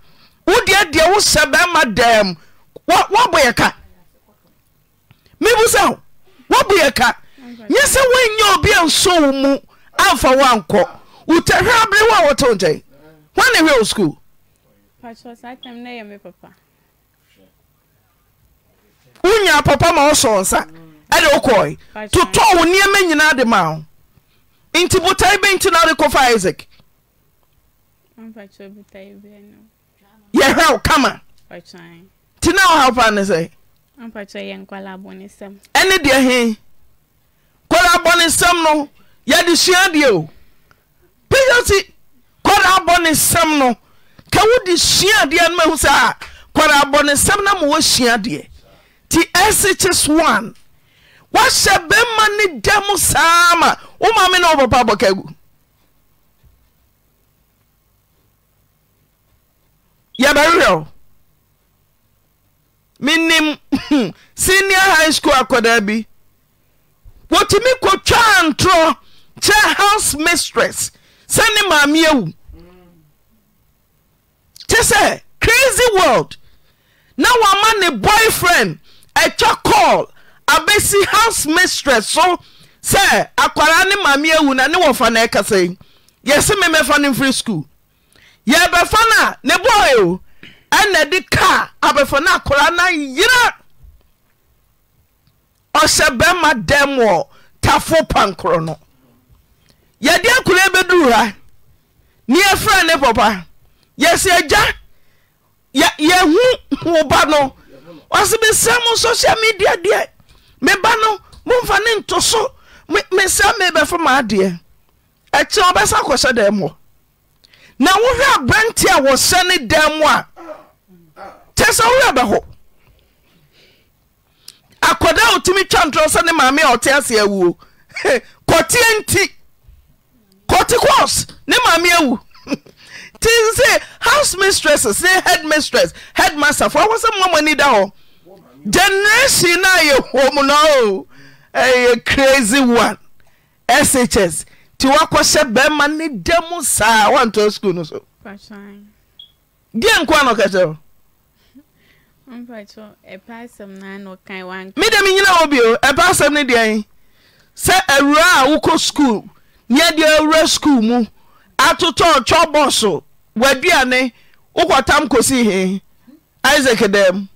wodeɛ deɛ wo hyɛ bɛ ma dɛm wobɔ yɛka ɛbsw w ɛka nyɛsɛ wonnya obi ans wo mu amfa woankɔ wothwɛbee a wɔtkyɛ hne hwɛ skuul woya ppa maɔsewoɔtotɔ wo nneɔma nyinaade ma o nti botae bɛnti no dekɔfa isaac yɛhwɛw kama nti na wo hawpa ne sɛ ɛne deɛ he kwɔra abɔnesɛm no yɛde sua deɛ o baɛsi kɔra abɔnesɛm no kɛwode suadeɛ nom ahu saa a kɔda abɔne sɛm no ah, ma woasua deɛ nti skhisan woahyɛ bɛma ne dɛ mu saa ma woma me ne wopapa bɔka gu yɛbarerɛ menim [laughs] senior high schol akɔdaa bi wotumi kɔtwaa ntorɔ kyeɛ house mistress sɛne maame awu nte sɛ crazy world na woama ne boyfriend atwa call abɛsi house mistress so sɛ akwara ne maame awu na ne wɔfa no ɛkasayi yɛ se memmɛfa no mfri schuul yɛ bɛfa na ne bɔɔyɛo ɛnɛ de kaa abɛfa no akoraa na yera ɔsɛ bɛma dɛ mɔ tafo pa nkorɔ no yɛdeɛ kora bɛduru ha neɛ frɛ ne pɔ pa yɛsiagya yɛ hu ho ba no ɔsemɛsam social media deɛ meba no momfane nto so mesɛ mebɛfa maadeɛ kyi ɔbɛsa kɔsɛ dɛmɔ na wohwɛ aberante a wɔsɛne dan mu a kyɛɛ sɛ wohwɛ bɛhɔ akɔda a ɔtumi twa ntorɔ sɛne maame a ɔte ase awuo [laughs] kɔteɛ nti kɔte cos ne maame awu [laughs] nti sɛ house mistresses ne head mistress head masterfo awɔ sɛ mmoa mani da hɔ generation no a yɛhom no o ɛyɛ crazy one shs ti woakɔhyɛ bɛrima ne dɛ mu saaa woanto sukuul no so deɛ nko a no ɔkakyɛo medɛ menyina wɔ bio ɛpɛ sɛm no deɛn sɛ awura a wokɔ skuul ne ɛdeɛ aawura skuul mu atotɔɔkwɔ bɔso w'aduane wo kɔtam kosi he isaak dɛmnw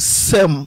sm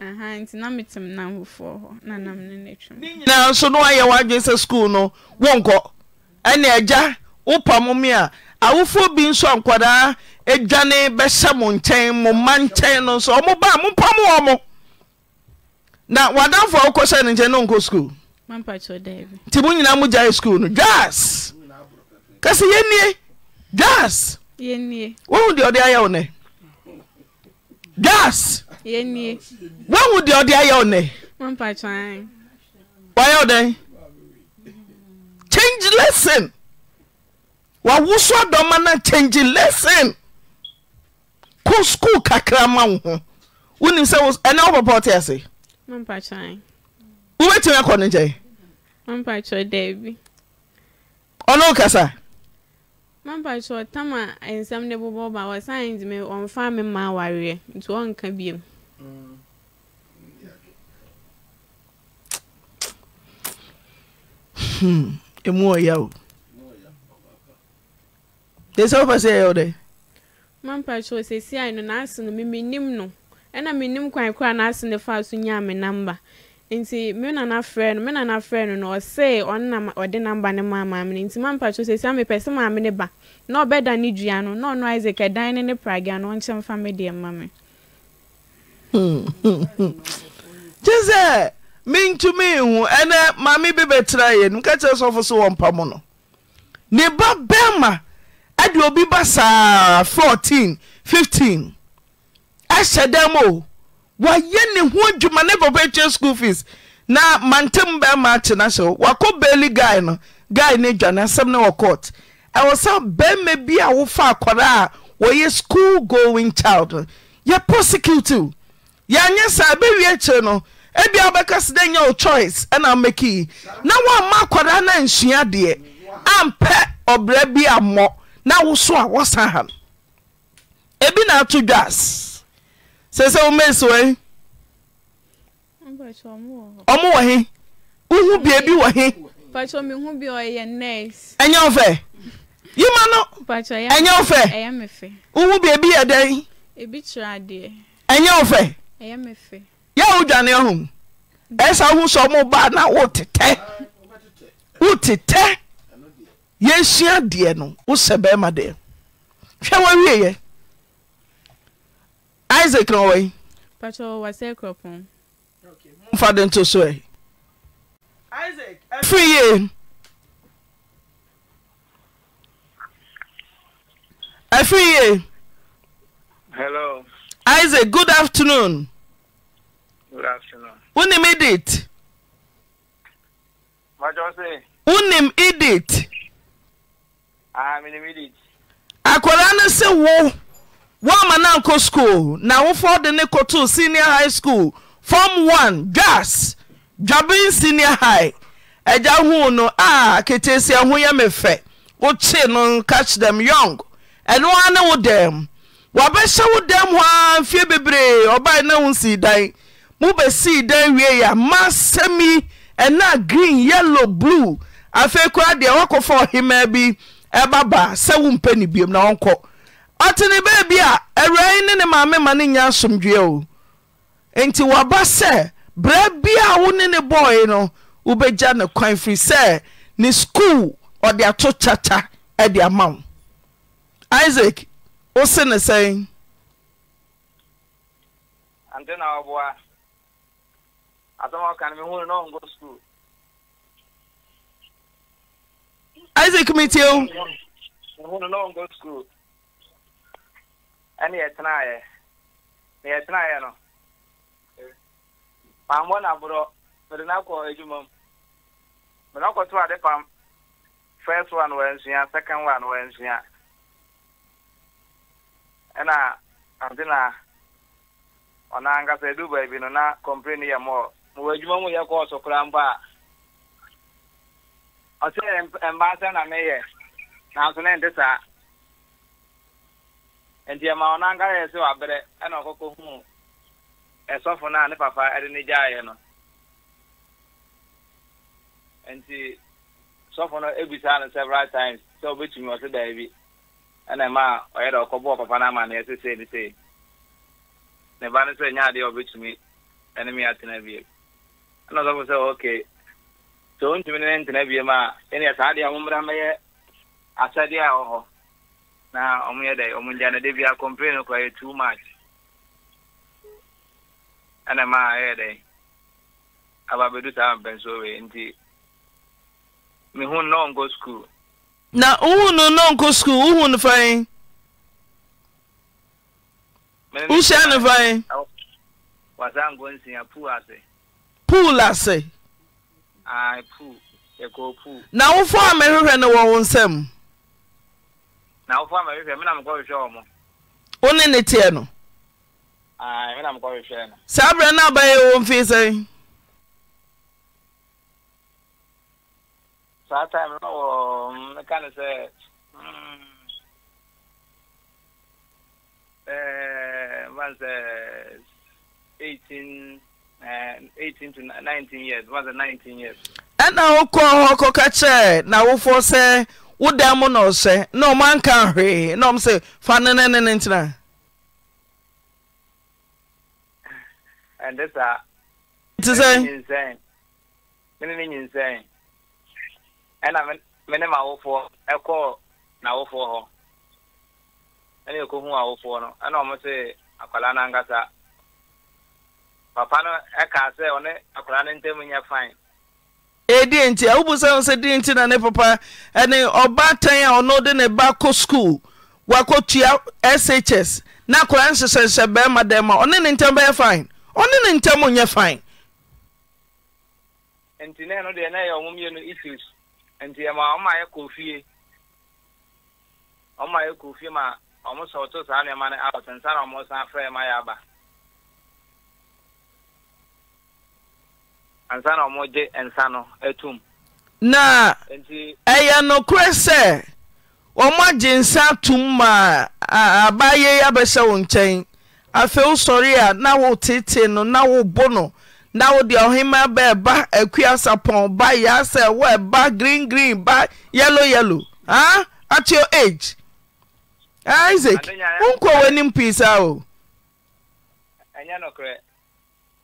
aha nti na metem nam fofoɔ hɔ na nam no n'atwam. ne nyinaa nso no wayɛ w'adwene sɛ sukuu no wɔnkɔ ɛna agya wopam me a awofoɔ bi nso nkwadaa adwane bɛhyɛ mo nkyɛn mo mma nkyɛn no nso ɔmo ba mompam wɔ mo na wadamfoɔ a wokɔhyɛ no nkyɛn no nkɔ sukuu nti mo nyinaa mogyae sukuu no dwas kɛsɛ yɛnnie dwas wohu deɛ ɔde ayɛ wo nɛ dwas wawode ɔde ayɛnɛ ydn change lesson wawoso adɔma na change lesson koscol kakra ma woho woni sɛɛn wopɔpɔwtease wobɛtimakɔ no kyɛɔnka sɛ Hmm. emu ɔya o de sɛ wopɛ sɛ ɛyɛ wo dɛ mampakyerɛ sesiai no naase no memenim no ɛna menim kwan kora na ne faa so nyaa namba nti na na frɛ no me na frɛ no ọ ɔsee ɔnna ɔde namba ne maa maame no nti mampakyerɛ sesia mepɛ sɛ maame ne ba na ɔbɛda ne dua no na ɔno isaac ɛdan ne ne pragea no ɔnkyɛ mfa me deɛ gye sɛ mentumi nhu ɛnɛ maame bi bɛtera yɛ no ka kyerɛ sɔfo so wɔ mpa mu no ne ba bɛrima ɛde obi ba saa 14 15 ahyɛ dɛm o wayɛ ne ho adwuma ne papa atwa school fees na mantem bɛrima akye no ahyɛ wakɔ baily guy no guy no adwane asɛm ne wɔ court ɛwɔ sa bɛrima bi a wofa akɔda a wɔyɛ school going child no yɛ prosecutive yɛanyɛ sa bɛwie kyirɛ no ebia wobɛka se dɛ nyɛ wo choice na mmɛkii na woamma akɔdaa na ansua deɛ ampɛ ɔbra bi ammɔ na woso a wosa ha no ebi na ato dwas sɛ sɛ womɛsi wɔi ɔmo wɔ he wohu biebi wɔ he ɛnyɛ wo fɛ yima no ɛnyɛ wo fɛ wohu biebi yɛ dɛn ɛnyɛ wo yɛ wodwaneɛ ho ɛɛsa wohu so womɔ baa na wotetɛ wotetɛ yɛsua deɛ no wo sɛ bɛrima deɛ hwɛ woawieɛ isaac nfi isa good afternoon wonim edit wonim idit akɔraa ne se wo wo ama nonkɔ skuul na wofode ne kotoo senior high schuul form on dwass dwaberen senior high agya huu no a ah, keteesiaho yɛ me fɛ wo kyee no catch them yon ɛnoaa ne wo dɛɛm wɔabɛhyɛ wo dɛm hɔ aa mfie bebree ɔbae na wo nsi dan mobɛsii dan wiei a ɛna green yellow blue afei koraa deɛ woakɔfa ɔhemaa bi ɛba baa sɛ wompɛ ne biom na ɔnkɔ a awurai ne ne maame ma ne nya o nti w'aba sɛ berɛ biaa wo ne ne bɔe no wobɛgya ne kwan firi sɛ ne skuul ɔde ato kyata de ama wo isaac. wo se ne sɛn ante na ɔboa asɛm ɔka na mehunu na ɔnkɔ skuul isaac metie o mehunu na ɔnkɔ skuul ɛne yɛtenaeɛ na yɛtenaeɛ no na no akɔ adwuma mu mede ɔkɔtoo ade pam first one wɔ ansua second one wɔ ya. ɛna ante na ɔno ankasa ɛdu baabi no na kɔmpire no yɛ mɔɔ na wɔ adwuma mu yɛ kɔɔso koraa mpo a ɔsɛ mmaa sɛ na meyɛ nanso ne nte saa nti ɛma ɔno ankasa yɛ sɛ wabrɛ ɛna ɔkɔkɔ huu ɛsɔfo no a ne papa ɛde ne gyaeɛ no nti sɔfo no ebisa no several times sɛ ɔbɛtumi ɔsɛ daabi ɛna ma ɔyɛ dɛ ɔkɔbɔɔ papa no ama ne ɛsesei ne sei ne ba no sɛ ɛnyɛ adeɛ ɔbɛtumi ɛne me atena bie ɛna ɔsɔfo sɛ ok sɛ ɔntumi ne ntena bie mu a ɛneɛ saa adeɛ a mommra mɛyɛ asɛdeɛ a ɛwɔ hɔ na ɔmo dɛ ɔmo no de bia complain no koraa yɛ too much ɛna ma ɛyɛ dɛ aba bɛdu saa mpɛnsoɔ wei nti mehu nnɔɔ nkɔ school na uhu no nkɔ sukuu uhunu fain uhyia no fain. wasa nkɔ nsia pool ase. pool ase. ayi pool ɛkɔ e pool. na wofɔ amahwehwɛ no wɔ wo nsam. na wofɔ amahwehwɛ mi na mo kɔ hwehwɛ wɔn. wo ne ne teɛ no. mi na mo kɔ hwehwɛ no. saa abirɛ no abayɛ wɔn fi sɛn. So that time, you know, um, I kind of say, mm, uh, was uh, 18, 18 to 19 years, was uh, 19 years. ɛna wokɔ hɔ kɔka kyerɛ na wofoɔ sɛ wodan mu na ɔhyɛ na ɔma nka hwee na ɔm sɛ fa ne ne ne ne ntena nti sɛ mene ne nyinsɛn ɛna mene ma awofoɔ ɛkɔɔ e n'awofoɔ hɔ ɛna ekohu awofoɔ no ɛna ɔmo se akwadaa n'ankasa papa no ɛka e sɛ ɔne akwadaa no ntam nyɛ fain. edi nti awubusa e nso di nti na ne papa ɛne ɔbaatan a ɔno de ne ba kɔ sukuu wakɔtua shs na akwadaa nhyehyɛhyɛ bɛrima dɛm ma ɔne ne ntam bɛyɛ fain ɔne ne ntam nyɛ fain. nti no deɛ na yɛ ɔmo mmienu issues. nti ɛma ɔma yɛ kɔ fie ɔma yɛ kɔ fie ma ɔmo sɛ ahụ saa nneɛma no out nsa na ɔmo san frɛ ma yɛ aba ansa na ɔmo gye nsa no atum na ɛyɛ nokorɛ sɛ wɔmo agye nsa tom ma abayɛ yi abɛhyɛ wo nkyɛn afei wosɔre a na no na wo deɛ ɔhema bɛɛ ba akuasapɔn ba yaasɛ wo ɛba green green ba yellow yellow ah at your age ah, isaac nkɔ w'anim pii saa o.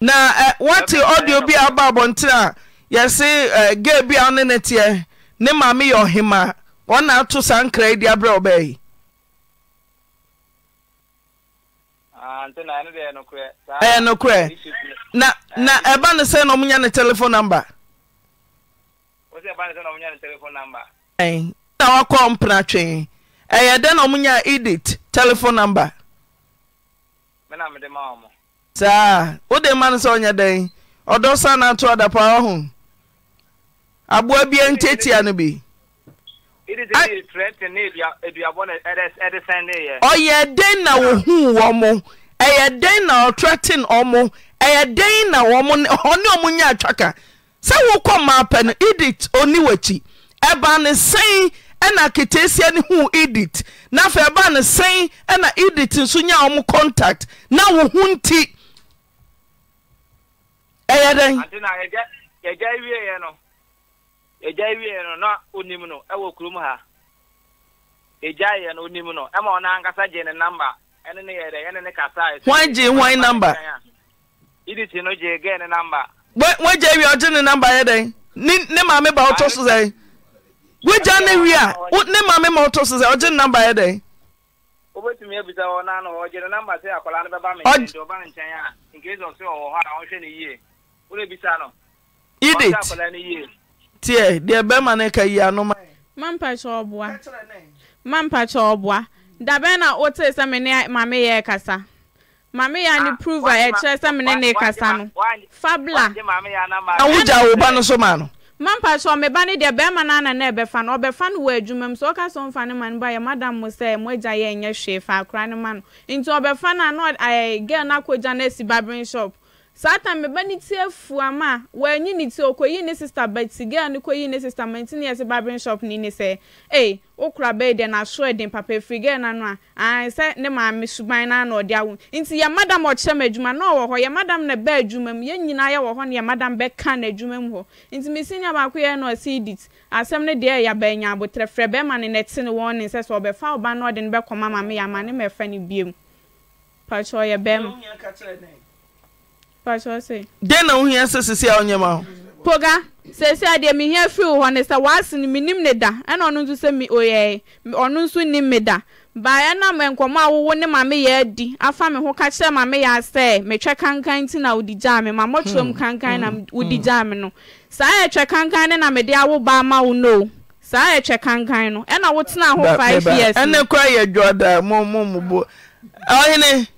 na ɛ wɔte ɔdiɔ bi aba abɔntene a yɛsi ɛ gay bi a ɔne ne teɛ ne maame yɛ ɔhema ɔna ato saa nkra yi de abrɛ ɔbɛɛ yi. ɛyɛ nokorɛ eh, na na ɛba eh. ne sɛ na ɔmonya ne telefone number na wakɔ mpena twee ɛyɛ na ɔmonya eh, edit telephone number saa wode ma no sɛ ɔnyɛ dɛn ɔdɔ sa na ato adapa ɔho aboa bia ntiatia no bi ah! ɔyɛ dɛn na wohuu ɛyɛ dɛn na ɔtrɛten ɔmo ɛyɛ dɛn na [laughs] ɔne ɔmo nya atwaka sɛ wokɔ maapɛ no edit oni wakyi ɛba ne sɛn ɛna ketesia ne huu edit na afei ɛba ne sɛn ɛna edit nso nya ɔmo contact na wo ho nti ɛyɛ dɛn ɛgya yẹn no na onim no ɛwɔ kurom ha ɛgya yẹn no onim no ɛma ɔno ankasa gye ne namba ɛne ne yɛ dɛ ɛne ne kasa. wɔn gye wɔn namba. yìí ti no gye gɛɛ ne namba. wɔn gye ewia ɔgye ne namba yɛ dɛ ne ne maame ba ɔtɔ so sɛ wogya ne wia ne maame ma ɔtɔ so sɛ ɔgye ne namba yɛ dɛ. obetumi ebisa wɔn nan ɔgye ne namba sɛ akwadaa no bɛba mi nkyɛn ɔba nkyɛn a nkiri sɔ so ɔwɔ hɔ a ɔhwɛ ne yie wɔn ebisa no. yidit tiɛ deɛ bɛrima ne ka yi anoma. mampakyɛ ɔboa mampakyɛ ɔboa. dabe na wotee sɛ me ne maame yɛ kasa maame yɛ ne prove a ɛkyerɛ sɛ ne kasa no fabla na wogya wo ba no so ma no mampa sɛ ɔmeba ne deɛ bɛrima no ana na ɛbɛfa no ɔbɛfa no wɔ adwuma mu sɛ ɔka sɛ ɔmfa ma no ba madam mo sɛ mo agya yɛ nyɛ hwee fa akora ne ma no nti ɔbɛfa no a na girl no akɔgya no asi babering shop saa taa mmeba ne ti afu ama wɔanyi ne ti okɔyi ne sista bɛti gɛɛ no kɔyi ne sista mɛnti ne yɛsɛ barbering shop ni ne sɛ ee okura bɛyi dɛ n'aso ɛdin papa efiri gɛɛ n'ano a aa ne maame suban n'ano ɔde awo nti yɛ madam ɔkyerɛ mu adwuma na ɔwɔ hɔ yɛ madam na ɛbɛ adwuma mu yɛn nyinaa yɛ wɔ hɔ na yɛ madam bɛka n'adwuma mu hɔ nti mi senior baako yɛ na ɔsi edit asɛm ne deɛ yɛ abɛnya abotire frɛ bɛrima ne n'ɛti ne wɔn ne nsɛ sɛ ɔbɛfa ɔba na ɔde ne bɛkɔma maame yɛ dɛn na wohia sɛ a ɔnyɛma ho poga seesei a mehia firi hɔ ne sɛ waase no menim ne da ɛna ɔno nso sɛ oyɛe ɔno nso nim me da baeɛ nam nkɔmmɔ a wowo ne adi afa me ho ka kyerɛ ma kankan nti na wodi gyaa ma mɔkyerɛ m kankan na wodi gyaa me no saa kankan na mede awo baa ma wo no saa ɛtwɛ kankan no ɛna wotena ho five years ɛne kora yɛ mo mo mo bo ɔhene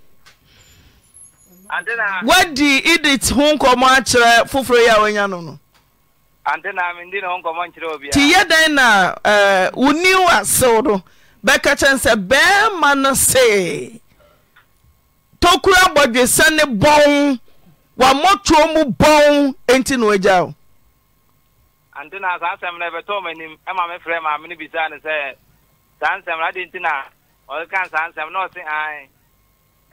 woadi edit ho nkɔmmɔ akyerɛ foforɔ yi a woanya no no nti yɛ dɛn na eh, woniw asew no bɛka kyɛne sɛ bɛɛma no see tokura bɔdwesɛne bɔn wammɔtuo mu bɔn enti na wagya wo ante na saa asɛm no ma ne na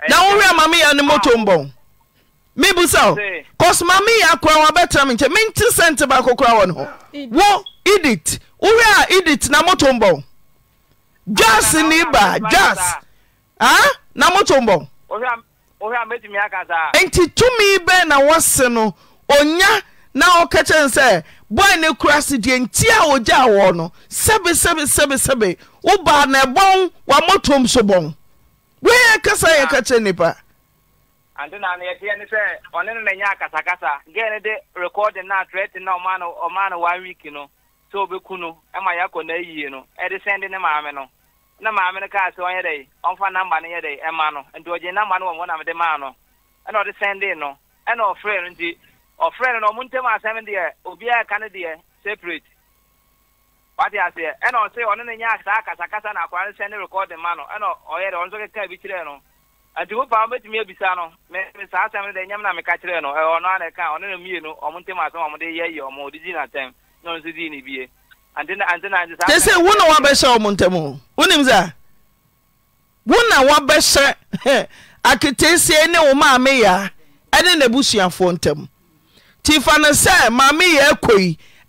na wohwɛ ma meyɛ no mɔtom bɔn mebusawo cause ma meyɛ akora wɔabɛtra me nkyɛ mente sɛnte baakɔkora wɔ ne hɔ wo edit wohwɛ a edit na moto mbọ. dwas ne baa dwas ha na moto mbọ. enti tumi bɛɛ na wɔse no onya na ɔka kyɛ ne sɛ bɔe ne kora se deɛ nti a ogyaa wɔ no sɛbesɛbesɛbesɛbe wobaa na ɛbɔn wamɔtom so bɔn bua yɛ kasa yɛ ka nipa ante na no yɛteɛ ne sɛ ɔne no nanya akasakasa gɛ ne de recording na atrɛte na ɔma no ɔma no one week no so obɛku no ɛma yɛakɔ na ayie no ɛde sɛnde ne maame no na maame no kaa sɛ ɔnyɛ dɛ ɔmfa namba no yɛ dɛ ɛma no nti ɔgye namba no wɔ hɔ na mede maa no ɛna ɔde sɛnde no ɛna ɔfrɛ no nti ɔfrɛ no na ɔmo ntam asɛm deɛ obiara ka no deɛ separate wate aseɛ ɛna ɔse ne nya saa kasakasa na akwara sɛ ne ma no ɛna ɔno keka bi kyerɛ no nti wo paa wobɛtumi abisa no oh? me saa no na meka kyerɛ no ɛwɔ ɔno ana ka mie no ɔmo asɛm ɔmo de yɛyɛ ɔmo ɔde na ɔno nso ne bie sɛ wo na ɔmo ntam wonim wo na ne wo ɛne n'abusuafoɔ ntam nti fa no sɛ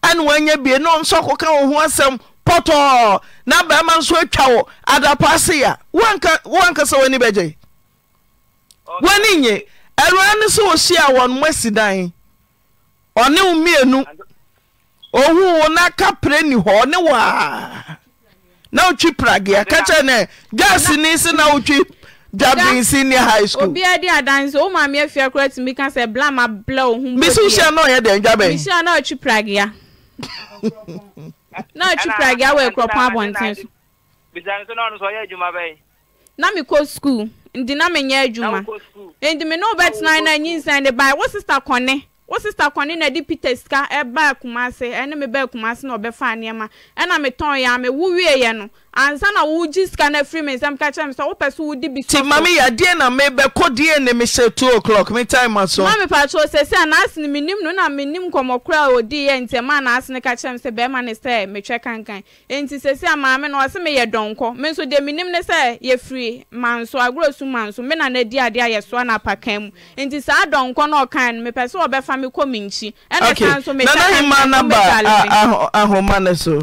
ɛna wanya bie na ɔnso akɔka wɔ ho asɛm pɔtɔɔ na barima nso atwa wɔ adapa ase a woanka woankasa w'ani bɛgye w'ani nye awura no sɛ wɔhyia wɔn mo asi dan ɔne wo mmienu ohun wo na kapre ni hɔ ne wɔ a na wotwi pragea ka kyerɛ ne ni si na wotwi dabi si ni high school. obi adi adan so o maame efia kura tumi ka sɛ blama blɛ ohun bɔ bi. bisi hyɛn náà yɛ dɛn dwabɛn. bisi hyɛn náà otwi pragea. na chupra gị awee kụrọpụ abọnten so na mi kɔ sukuu ndi na mi nyɛ adwuma ndi me n'o bɛ na nyi nsɛn de ba wo sista kɔne wo sista kɔne na di peter sika ɛba e kumase ɛne mi bɛ kumase na ɔbɛ fa nneɛma ɛna e mi tɔn yɛ a mi wu no. ansa na wogye sika no afiri me nsɛm ka kyerɛ me sɛ wopɛ so wodi bi nti mame yɛadeɛ na mebɛkɔ deɛ ne mehyɛ 2 o'clock me time aso ma mepakyerɛ sɛ sɛ anaasene menim no na menim kɔmmɔkora a ɔdiiɛ nti ma anaasene ka kyerɛ me sɛ bɛrima ne sɛ metwɛ kankan enti sɛ sɛ maame no ɔse meyɛ dɔnkɔ me nso deɛ menim ne sɛ yɛfiri manso agorɔsu manso me na nadi adeɛ a yɛsoa no apakan mu enti saa dɔnkɔ no ɔkan no mepɛ sɛ wɔbɛfa me kɔ me nkyi ɛne sa nso metɛ ahoma no so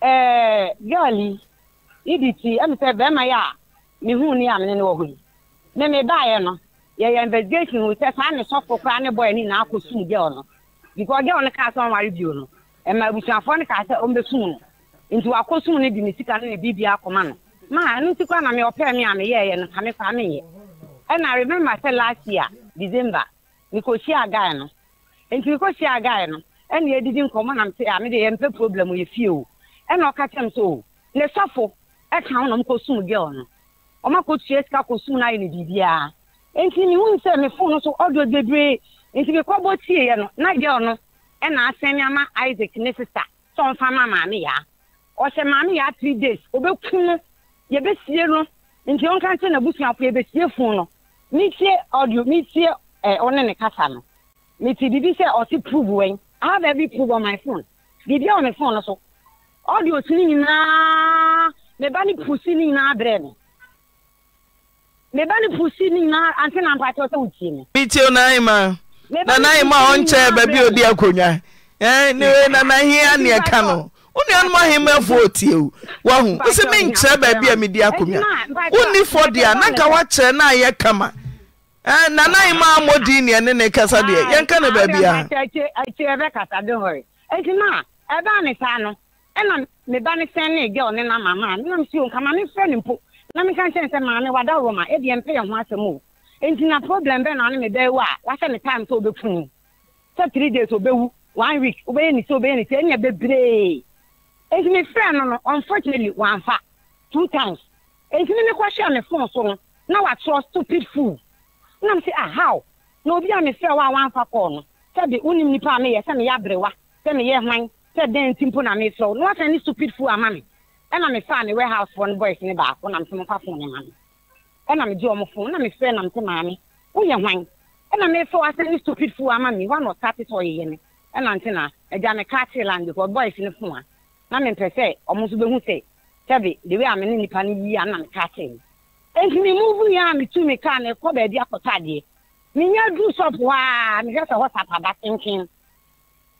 ɛɛ gɛɛli idi ti ɛmi sɛ bɛrima yɛ a mi hu ni amene ne wɔ hɔ yi ne mi ba yɛ no yɛyɛ investigation wo sɛ saa ne sɔfo koraa ne bɔyɛ ne nyinaa kɔ sum gɛɛl no because gɛɛl no kaa sɛ ɔmare bio no ɛma abusuafoɔ no kaa sɛ ɔmbɛ sum no nti wakɔ sum no de ne sika no ne biribi akɔma no maa ɛno nti koraa na mi ɔpɛɛ mi a yɛɛyɛ no ka mi mi yɛ ɛna remember sɛ last year december mi kɔ hyia guy no nti mi kɔ hyia guy no ɛna nkɔmɔ na mi sɛ a de yɛ mpɛ problem yɛ fie o. ɛna ɔka kyɛm sɛ o oh, ne sɔfo ɛka ho na ɔmo kɔ sum girl no ɔmo akɔ tue sika kɔ sum n'ayɛ ne biribiara nti mi hun sɛ mi fon no so ɔdɔ bebree nti mi kɔ tie yɛ no na girl no ɛna asɛn mi ama isaac ne sista sɛ ɔnfa ma maame yaa ɔhyɛ maame yaa three days obɛku no yɛbɛsie no nti ɔnka nkyɛn na busuafo yɛbɛsie fon no mi tie ɔdio mi tie ɛ ɔne ne kasa no mi ti bibi sɛ ɔsi prove wɛn i have every prove on my phone bibi a ɔne phone no so. ọ dị otu niile ne pusi ne nyinaa brɛ me meba ne pusi ne nyinaa ante na mpakyɛ sɛ ọ me beebi obi nanaima a ɔnkyɛɛ na odi a na ne ɛka no wo nuanom ahemmafoɔ ɔtie o woahu wo sɛ menkyerɛ baabi a medi akonnwa wonni fɔ deɛ a na woakyerɛ na ayɛ kama nanaima a ah. mmɔdi neɛ ne ne kasa deɛ ah, yɛnka ne baabi a ɛbɛkasa dɔhɔre ɛnti na ɛbaa ne saa no ɛna me ba ne sɛn ne girl ne na mama ne nam si o nka maame fɛ ne mpo na mi ka sɛ maame wada wɔ ma ebi yɛn ho asɛm o nti na problem bɛ na ɔne me bɛɛ wɔ a wahyɛ ne time sɛ obɛfun sɛ three days obɛwu one week obɛyɛ ne ti obɛyɛ ne ti ɛnyɛ bebree nti me fɛ no no unfortunately wanfa two times nti ne kɔ hyɛ ne phone so no na wakyerɛ stupid fool na mi sɛ ahaw na obi a me fɛ wɔ a wanfa kɔɔ no sɛbi wunim nipa a meyɛ sɛ meyɛ aberewa sɛ meyɛ hwan sɛ dɛn nti mpo na mesrɛ wo na woasɛn ne stupid fool ama me ɛna mefaa ne warehouse fɔ no boys ne baako na mesɛ mokwa fo ne ma me ɛna megye ɔmo fo na mefrɛ na mete maame woyɛ hwan ɛna mefrɛ woasɛn ne stupid fool ama me woana ɔsate sɛ ɔyeyɛ mi. ɛna nti na agya me kaa kyee land because boys ne fo a na mempɛ sɛ ɔmo nso bɛhu sɛ sɛbe de wei a me ne nnipa no yie a na mi kyee mi enti memuvu yɛ a metu me kaa na ɛkɔ baabi akɔtɔ adeɛ menya duru shop hɔ a mehwɛ sɛ hɔ sapaba kenken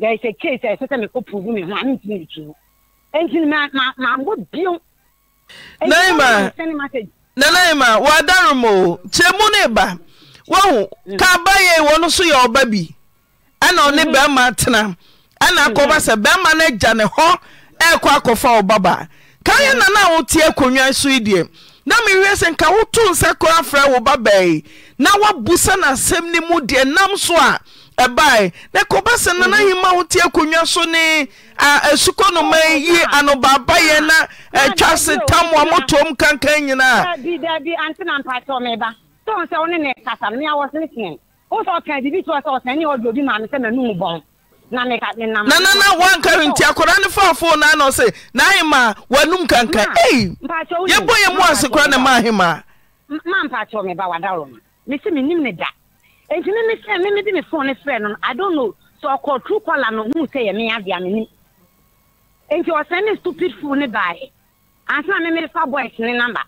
there is a case a ɛsɛ sɛ mekɔ provu me ho a mentumi ntuo ɛnti mambɔ bio naima nanaima wɔadare ma o kyerɛ mu no ba wohu mm. ka ba yɛ wɔ no so yɛ ɔba bi ɛna ɔne mm-hmm. bɛrima tena ɛna mm-hmm. akɔba sɛ bɛrima no agya ne hɔ ɛɛkɔ e akɔfa ɔbaba ka yɛ mm. na na wotie akonnwa so yi deɛ na mehwɛ sɛ nka woto nsa koraa frɛ wo ba bɛe na woabu sa no asɛm no mu deɛ nam so a ɛbae na kɔbasa no nahima wo te akonnwa so ne asukɔ noma yi anobaaba yɛ na e, atwa se tam a motoom kankan nyinaa daabi ante na mpakyɛ meba sɛ wo sɛ wo ne ne kasa no meawɔ sene teɛ wo sɛ ɔka biribi kyerɛ sɛ ɔsɛne ɔde obi maame sɛ m'anum bɔn na nana wanka nti akwadaa no faafo na na ɔsɛ n'ahema wanum kankan ei yɛbɔ yɛ mu ase kora ne ma ahema ma mpakyɛ meba wadaro no mesi menim ne da nti mímí sẹ mímí di mi fone fẹ no i don't know so ọkọ true caller no hun sẹ yẹ mi adi ami ni nti ọsẹ ne stupid fool ne baayi ansan mímí fa boys ne namba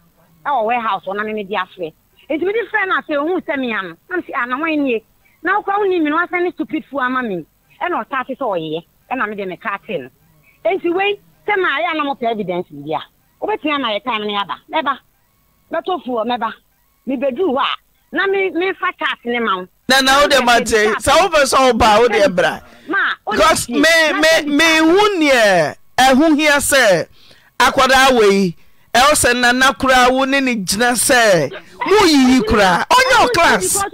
ɛwɔ warehouse ɔna mímí di afẹ nti mi fẹ na ohun sẹ mi ano na sẹ ana wọn nie na ọkọ ahun ni mi na ọsẹ ne stupid fool ama mi ɛna ɔta ati sɛ ɔyẹ ɛna mi de mi kaa ti no nti wei sẹ maa yẹ anam evidence bi na yẹ mɛba mɛtɔ mehu neɛ aho hia sɛ akada awe yi ɛwɔ sɛ nana koraa wo ne ne gyina sɛ muyiyi koraa ɔnyɛ ɔclass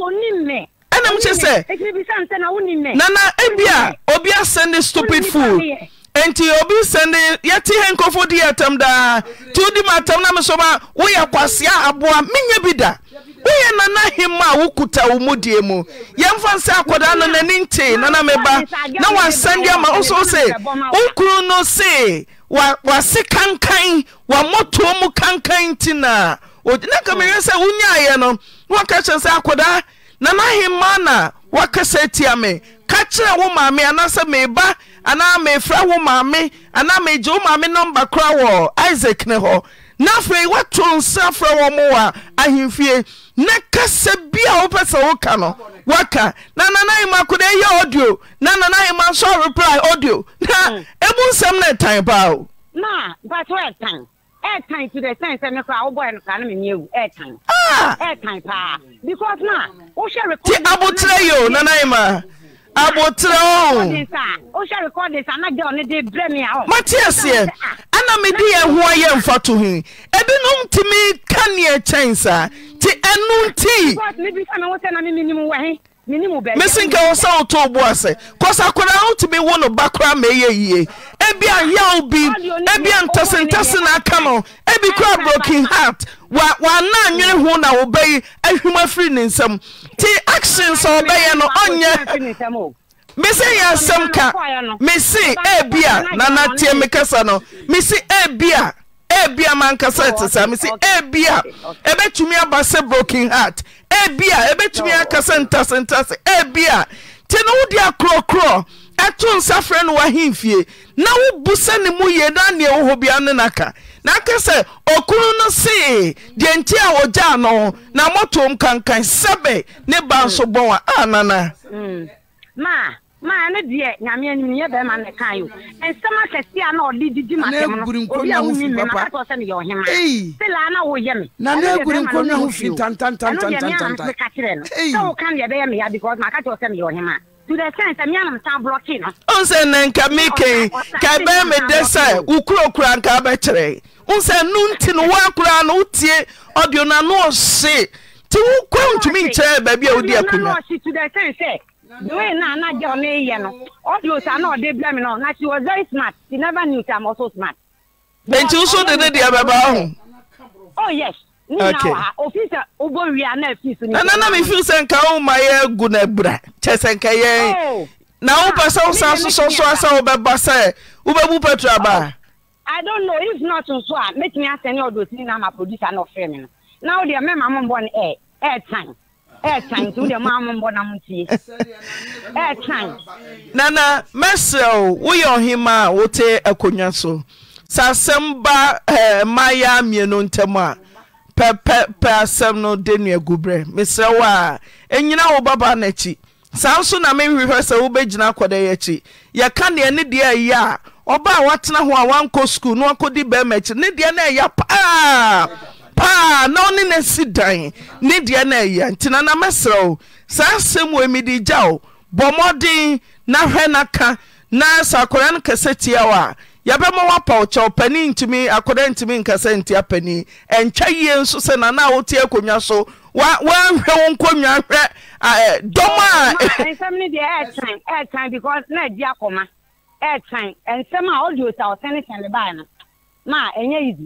ɛnemkye sɛnana ebia obi asɛnde stupid food enti obi sɛnde yɛte hɛ kofoɔ di ɛ tam daa tiwodi m atam na mesoma woyɛ kwasea aboa menyɛ bi da woyɛ nanahema a wokuta wo mudie mu yɛmfa nsɛ no n'ani nana meba na wansande ama wo so se wo no se wase kankan mu kankan nti na na ka sɛ no na waka kyerɛ sɛ akɔdaa nanahema na woakasa tia me ka kyerɛ wo maame anaasɛ meeba anaa meefra wo maame anaa megye wo maame nɔmba kora wɔ ne hɔ na afei woato nsa afrɛ wɔ mo wɔ a ahemfie na kasa bi a wopɛ sɛ woka no woaka na nanaima koda ɛyɛ audio na nanaima nso reply audio na hmm. ebu nsɛm no ɛtan paa o na mpato ɛtan ɛtan to the sense sɛ me kora wobɔɛ no kora na memi awu ɛtan ah! ɛtan paa because na wohwɛ ti abotrɛ yi o nanaima abotire o. Ah. o ṣe rekɔdi sa anagye ɔne de brɛ mi a. mati e. aseɛ ah. ɛna mi di yɛn ho ayɛ nfa to hin ebinom ti mi ka neɛ kyɛn sa ti ɛnu ti. mi bi sami wosɛ na mi mi nimu wɛhin. mesinkɛ hɔ sɛ wotowo boa sɛ kɔsa koda hotumi wo no ba koraa meɛyɛ yie ɛbia yaw bi ɛbi a ntɛ sentɛ se no aka mɔ bi kora broking heart wana nnwene ho na wobɛ yi ahwoma afri ne nsɛm nti action sɛ wɔbɛyɛ no ɔyɛ meseyɛ asɛm ka mese abia na na teɛ me kɛsa no mesi abia ebia mankasa ɛte saa me si ebia ɛbɛtumi aba sɛ broken heart ebia ɛbɛtumi akasa ntasentase ebia nti no wode akorɔkorɔ ɛto nsa frɛ no wahemfie na wobu sɛ ne mu yie na neɛ wo hɔ bia ne naka na aka sɛ ɔkunu no see deɛ nti a ɔgyaa no na mɔtoom kankan sɛbɛ ne ba mm. nso bɔn a anana mm. maa ne deɛ nyame anim ne yɛ bɛrima ne kan yo nsɛm akɛse a na ɔde didi masɛm no obi a wonwi me maka sɛ ɔsɛ meyɛ ɔhema sela na woyɛ me na ne aguri nkonnwa ho fi tantantantantantantan ka kyerɛ no sɛ woka ne yɛbɛyɛ meya because maka kyerɛ ɔsɛ meyɛ ɔhema to the extent sɛ meanam san blɔke no ɔnsɛ nɛ nka meken ka ɛbɛyɛ me dɛ sɛ wokurokura nka bɛkyerɛ nsɛ no nti no woakora no wotie ɔdeɛ no ano ɔhye nti wokɔ ntumi nkyerɛ baabi a wodi akonnwa the way na anagye ọ na-eyẹ no All dị otu anọ ọ dị blame nọ na she was very smart she never knew she am also smart. nti nso dị n'ịdị ababa ahụ. oh yes. okay na ofisa ụgbọ nri a na-efi so. na na m ifi sị nka ọ ma ya egwu na ebura chese nka ya oh. na ọ bụ asa ọsa asụsụ ọsọ asa ọ bụ basa ụgbọgbu petro aba. i don't know if not nso a metumi asị na ọdụ osi na ama producer na ọfere m na now, dị ya mmemme amụ mbọ na air air time. ɛɛtan nti wodeɛ maamɔmbɔ na montie a wote akonnwa so sɛ asɛm ba mmayɛ mmienu a no de nnuagu berɛ mesrɛ wo a ɛnyina wo babaa no saa nso na mehwehwɛ sɛ wobɛgyina akɔdɛ yɛ akyi yɛka deɛ ne deɛ ɛyɛ a ɔba a woatena ho a woankɔ skuul na wakɔdi ne deɛ paa paa na ɔne na si dan ne deɛ no ɛyɛ na na mɛsrɛ o saa asɛm wɔ mide gya wo bɔ mmɔden na hwɛ n'aka ka na sɛ akɔda no kɛsɛ tia w a yɛbɛma woapa wokyɛw panin ntumi akɔda ntumi nkasɛ ntia panin ɛntwa yie nso sɛ nanaa ya akonnwa so woanhwɛ wo nkɔnnwa hwɛ dɔm a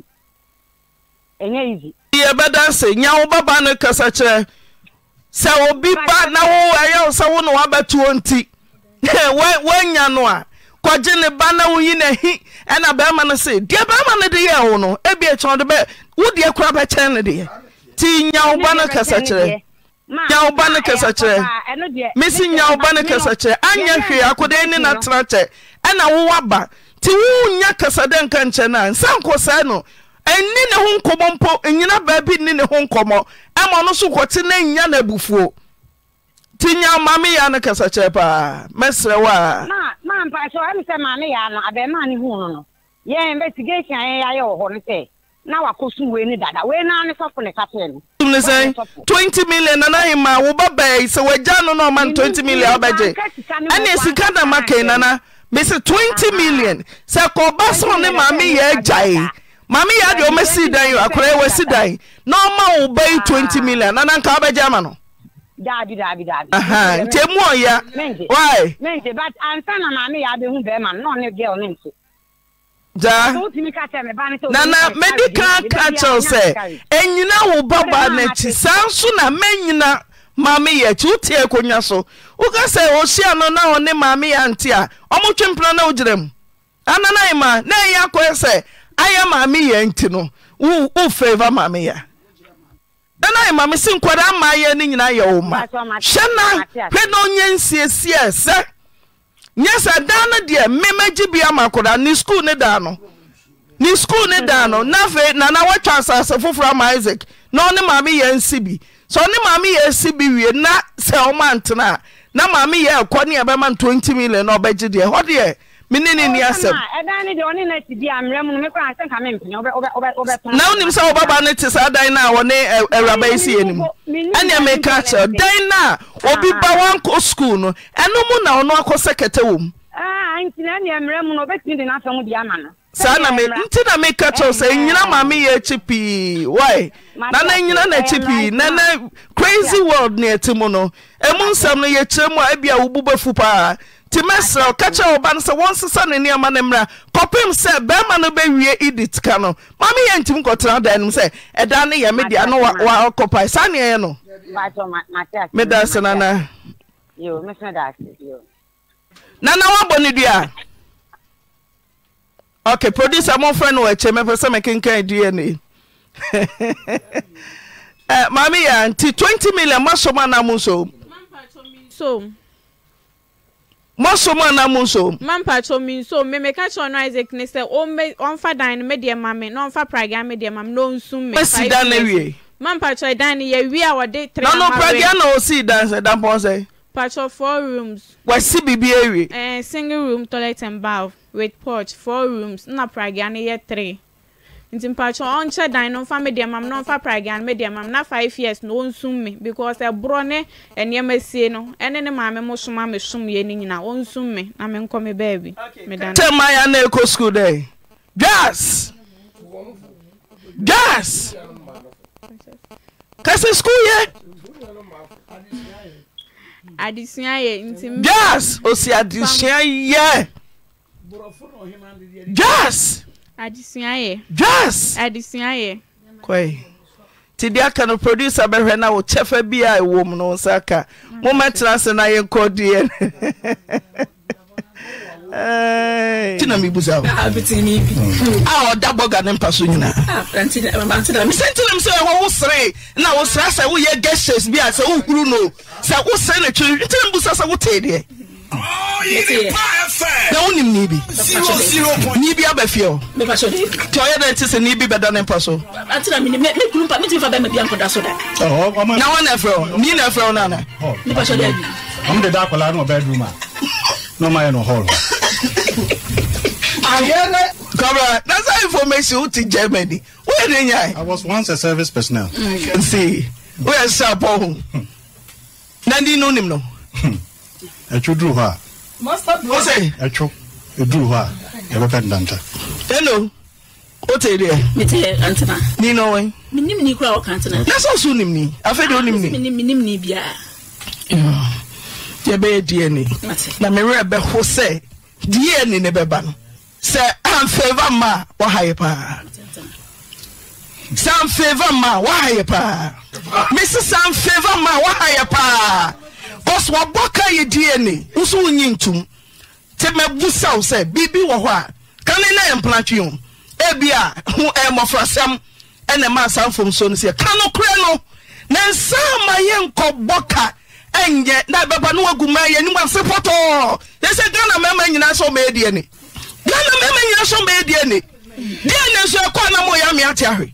[laughs] yɛbɛda sɛ nya wo baba no kasa kyerɛ sɛ obi ba na wo ayɛwo sɛ wo ne woabɛtoɔ nti woanya no a kɔgye ne ba na yi na hi ɛna bɛrima no se deɛ bɛrima no de yɛ wo no ebi etu de bɛ wo deɛ kora bɛkyɛn no deɛ nti nya wo ba no kasa kyerɛ nya ba no kasa kyerɛ mesi nya ba no kasa kyerɛ anyɛ hwee akodeɛ ne natena kyɛ ɛna wowaba nti wonya kasa dɛ nka nkyɛ no a nsa nkɔ saa no ɛnni ne ho nkɔmmɔ mpo nyina baabi nni ne ho nkɔmmɔ ɛma no so kɔte na nya no abufuo nya ma meyɛ no kasa kyerɛ paa mɛsrɛ wo a na sɛ 20 million na nahe sɛ wagya no na ɔma no 20 million wobɛgye ɛne sika da ma kai nana mese 20 million sɛ kɔba ne meyɛ agyae mame yɛ ome ɔmɛsii dan akora wɔasi dan na ɔma wo ba yi 20 million na nanka wobɛgya ama no nti mu ɔya gyaanana mɛdi ka ka kyɛw sɛ enyina wo ba baa saa nso na manyina maame yɛ akyi wotie akonnwa so woka sɛ ɔhyia no na ɔne maame yɛ ante a ɔmotwe mpena na wogyerɛ mu anana na ɛyɛ akɔɛ ayɛ maame yɛ nti no wofava maame yɛ ɛna ayɛ maame si nkwada ama yɛ no nyinaa yɛ wo ma hwɛ na hwɛ na ɔnyɛ nsiesie sɛ nyɛ sɛ daa no deɛ memagye bi ama akwadaa ne skuul ne daa no ne skuul ne daa no na afei nana woatwa asase foforɔ ama isaac na ɔne maame yɛ nsi bi sɛ ɔne maame yɛ si bi wie na sɛ ɔma ntena na maame yɛ ɛkɔ ne yɛbɛma 20 million na ɔbɛgye deɛ hɔ deɛ na wonim sɛ wobaba no te saa dan no a wɔne eh, awuraba yi si anim ɛneɛ meka kyerɛ dan no a obi ba ah. woankɔ skuul no ɛno mu na ɔno akɔ sɛ kɛtɛ wɔ mu ah, saa na me nti na meka kyɛw sɛ nyina ma meyɛ akyi pii wy na na nyina na akyi pii na na crazy world ne ati mu no ɛmu nsɛm no yɛkyerɛ mu a ebia wo bɛfu paa nti mɛsrɛ ka kyerɛ wɔba no sɛ wɔnsesa ne nneɔma no mmra kɔpem sɛ bɛrima no bɛwie edit ka no ma meyɛ ntim kɔtena da nom sɛ ɛda ya yɛ medea no wakɔpae saa nneɛɛ no meda na nana nana woabɔ ne dua a ok produser momfrɛ no wɔakyɛ mɛpɛ sɛ mekenkan dua ne [laughs] eh, maame yɛ nti 20 million moasɔm anaa nsom mɔsom anaa mu nsom. mampatso mi nsom mɛmɛ kakyɛ ɔno isaac ne sɛ ɔmfa dan no mɛdeɛ ma mi na ɔmfa pragya mɛdeɛ ma mi na ɔnsum mi. bɛsi dan na wie. mampatso dan no yɛ wie a wɔde tiri ama wɛ. nanu pragya na osi dan sɛ dan pɔn sɛ. patro four rooms. wɔsi bibi ewie. Eh, ɛɛ single room toilet and bath with porch four rooms na pragya no yɛ three nti mpakyɛ ɔnkyɛ dan no mfa me deɛ mam na ɔmfa pragan me deɛ mam na five years na ɔnsum me because ɛborɔ ne nneɛma sie no ɛne ne maame mo soma me som yɛ no nyinaa ɔnsum me na menkɔ me baabi meda tɛ maya na ɛkɔ school dɛn gas gas kasi school yɛ adesua yɛ nti gas osi adesua yɛ gas adesuayɛ. jas. adesuayɛ. kɔɛ te di aka no producer bɛhwɛ na wo kyɛfa bi a ɛwɔ mu no nsa ka mommɛtena ase na yɛnkɔ deɛ [laughs] ti na mi bu sa o. a ɔda bɔga ne mpa so nyinaa. misɛntinam ah, sɛ ɛhɔ wo sere na wo sere sɛ woyɛ gestures bi a sɛ wohuru no sɛ wo sere na twere ntinam bu sa sɛ wotee deɛ. Oh, na wonim ne bi ne bi aba fie nti ɔyɛ dɛ nte sɛ ne bi bɛda ne mpa so oh, na wɔn na ɛfrɛ wo ne na ɛfrɛ wo oh. no ana ɔm deda akwadaa no ɔbɛduru mu a na ɔmayɛ no hall Kabra, that's how information you to Germany. Where did you? I was once a service personnel. See, where's Sabo? Hmm. Nandi no him no. Hmm ɛtwo duru hɔ a ɛtwo ɛduru hɔ a yɛbɛpɛ ndanta hello wote deɛ mete antena ni na ɔwɛn menim ni kora wɔka antena na sɛ so nim ni afei deɛ wonim ni menim ni biaa yɛbɛyɛ dna na mewerɛ bɛho sɛ dna ne bɛba no sɛ amfeva ma a wahayɛ paa sɛ ma a wahayɛ paa mese sɛ ma a paa bɔs wabɔ ka yɛ dna nso wonyi ntum te mɛbusa wo sɛ biribi wɔ hɔ a kane na yɛ mplatwe o ebi a ho eh, mmɔfrasɛm ɛna eh, ɛma asa mfom so no sɛ ka no korɛ no na nsa ama yɛ nkɔbɔ ka ɛnyɛ na bɛba no wagu ma yɛ anim ase pɔtɔɔ yɛ sɛ ghana mɛma nyinaa sɛ ɔma ɛdiɛ ne ghana mɛma nyinaa sɛ ɔma ɛdiɛ ne deɛ ne nso ɛkɔ na mo yɛ ame ate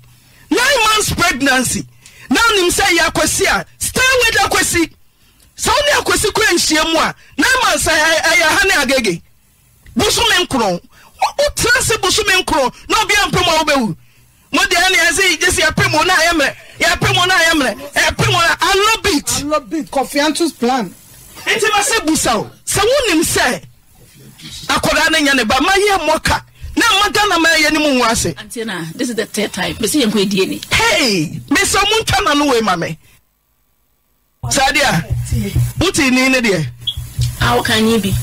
nine months pregnancy na nim sɛ yɛ akwasi a stay with akwasi sɛ wo ne akwasi kora nhyia mu a na ma sɛ ɛyɛ ha ne agege bosome nkorɔn wotena se bosome nkorɔn na ɔbia mpem a wobɛwu mo deɛ ne ɛsɛ gye sɛ yɛpem wo no a yɛmmerɛ yɛpem wo no a yɛmmerɛ yɛpem wo no a alobit kofiantos plan nti ma sɛ busa o sɛ wonim sɛ akwadaa no nya ne ba ma yɛ mmɔka na ma ghana ma yɛ ne mu nwo ase hey mesɛ montwa na no wei ma saa deɛ wote ni ne deɛ awokanye ah, bi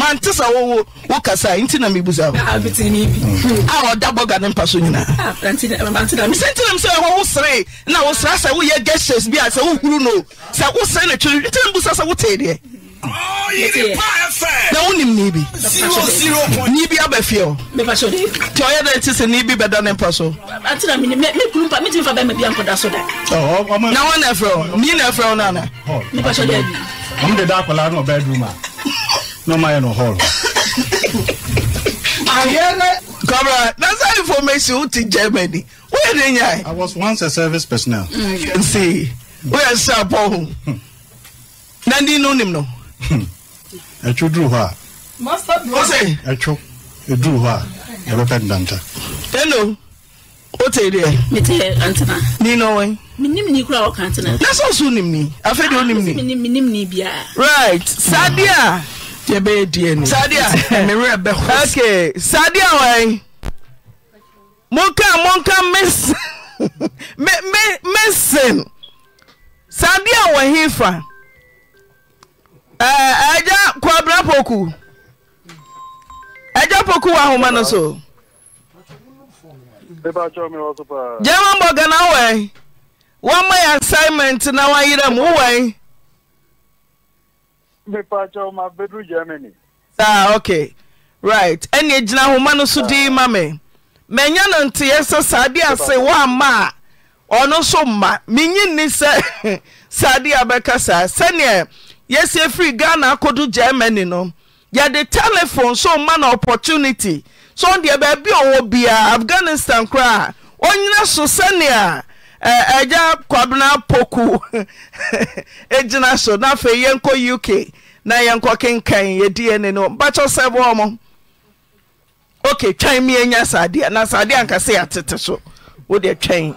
mante sa wowo wokasa nti na mebusa a ah, mm. ah, ɔda bɔga ne mpa so nyinaamesɛntinam sɛ ɛhɔ wo sere na wo sra sɛ woyɛ geshes bi a sɛ wohuru no sɛ wo sere no twere ntinam busa sɛ wotee deɛ na wonim ne bi ne bi aba fie o nti ɔyɛ dɛ nti sɛ ne bi bɛda ne mpa so na wɔn na ɛfrɛ o ni na ɛfrɛ o na ana ɔmo de da akwadaa na ɔbɛn dum a na ɔmo ayɛ no hɔl kɔbra na sɛ information wo ti germany woyɛ ne nyae i was once a service personnel nsi woyɛ sɛ apɔ ho hmm. na ni no nim no hmm ɛtwo duru hɔ a ɛtwo ɛduru hɔ a yɛbɛpɛ ndanta hello wote deɛ mete antena ni no wɔn menim ni kora wɔka antena na sɛ so nim ni afei deɛ wonim ni menim ni biara right sadeɛ a yɛbɛyɛ deɛ ni sadeɛ mewerɛ bɛho okay sadeɛ wɔn monka monka miss [laughs] me me missing sadeɛ wɔ hefa eja kwabra poku eja poku wa ahoma no so gyama mbɔ gana wɔ wɔma yɛ assignment na wayerɛ mu wɔ saa ah, ok right ɛne gyina ahoma no so dii ma me manya no nteeɛ sɛ saade ase wɔamma a ɔno so mma menyi nni sɛ [laughs] saade a bɛka saa sɛneɛ yɛsie firii gha na akodo germa ni no yɛde telefone so ɔma na opportunity so n deɛ baabi ɔwɔ bia afghanistan koraa a ɔnyina so sɛnea agya kwabena poku [laughs] gyina so na afei yɛnkɔ uk na yɛnkɔ kenka yɛdiɛ ni no bɛtɛ sɛboɔ mɔ ok twɛn mayɛnya saadeɛ a na saadeɛ a anka sɛ yɛtete so wode twɛ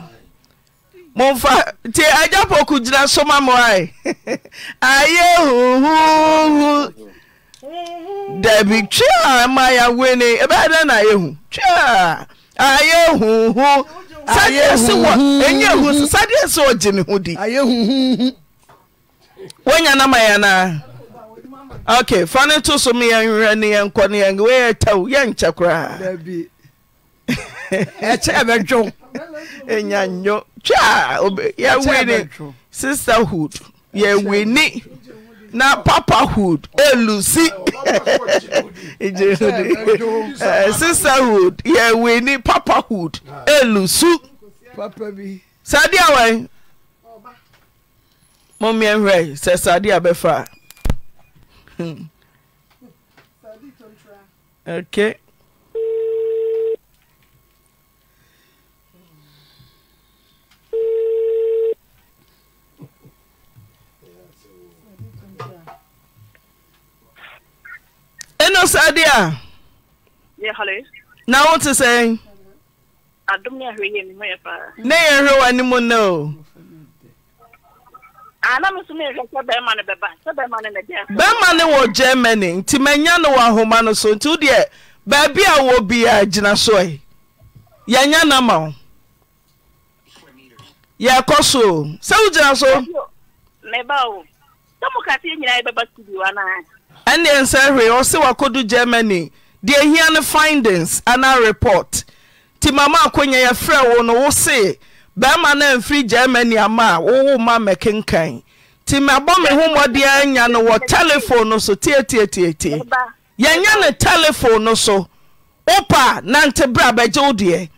momfa nti agya pɔku gyina so ma moae ayɛ huhuhu dabi twea ma ya nwee na ayɛhu twea ayɛ huhu sadeɛ se wɔ ɛnyɛ hu so sadeɛ se ɔgye ne ho di woanya na ma yɛnaa ok fa ne to so me yɛnwerɛ ne yɛnkɔ ne yɛn weyɛ tɛw yɛnkyɛ koraa ɛkyɛ bɛdwow [laughs] enya nyo twa yɛwe ne sisterhood yɛwe ne na papahood elusi [laughs] [laughs] eh, sisterhood yɛwe ne papahood elusu sadi awɛ e? mo mmea hwɛ sɛ sadi abɛfa hmm. okay. ɛno sade a na wote sɛn ne yɛ hwɛ w'ane mu ah, na o bɛrima ne wọ germany nti manya no wɔ ahoma no so nti wo deɛ baabi a wɔ biaa gyina soe yɛanya na ma wo yɛkɔ soo sɛ wogyina so ɛnde nsa he ɔ se wakdu germany deɛ hia no findanse ana report nti mamakonya yɛfrɛ wo no wo se bɛima namfiri germany amaa wowoma mɛkenkan nti mabɔme homɔdeaanya no wɔ telefone no so tiiii yɛnya ne telefone no so opa nante bra bɛgyew deɛ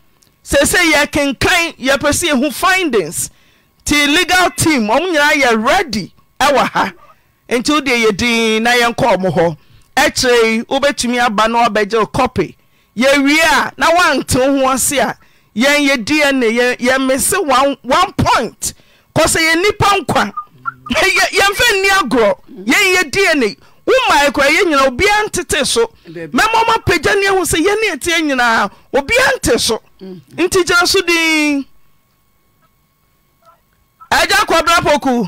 sese yɛkenkan yɛpɛ sɛ yɛhu findans nti legal team mnyinayɛ redi wɔh nti wodeɛ din na yɛnkɔɔ nkọ hɔ ɛkyerɛ wobɛtumi aba na wabɛgye cɔpy yɛwie a na wa wo si a ya nye dna yɛme se 1 point kɔ sɛ nnipa nkwa nfe nni agorɔ ya nye dna womae kora ya nyina obiaa ntete so ọma pagya ya ntị so so agya pokuu.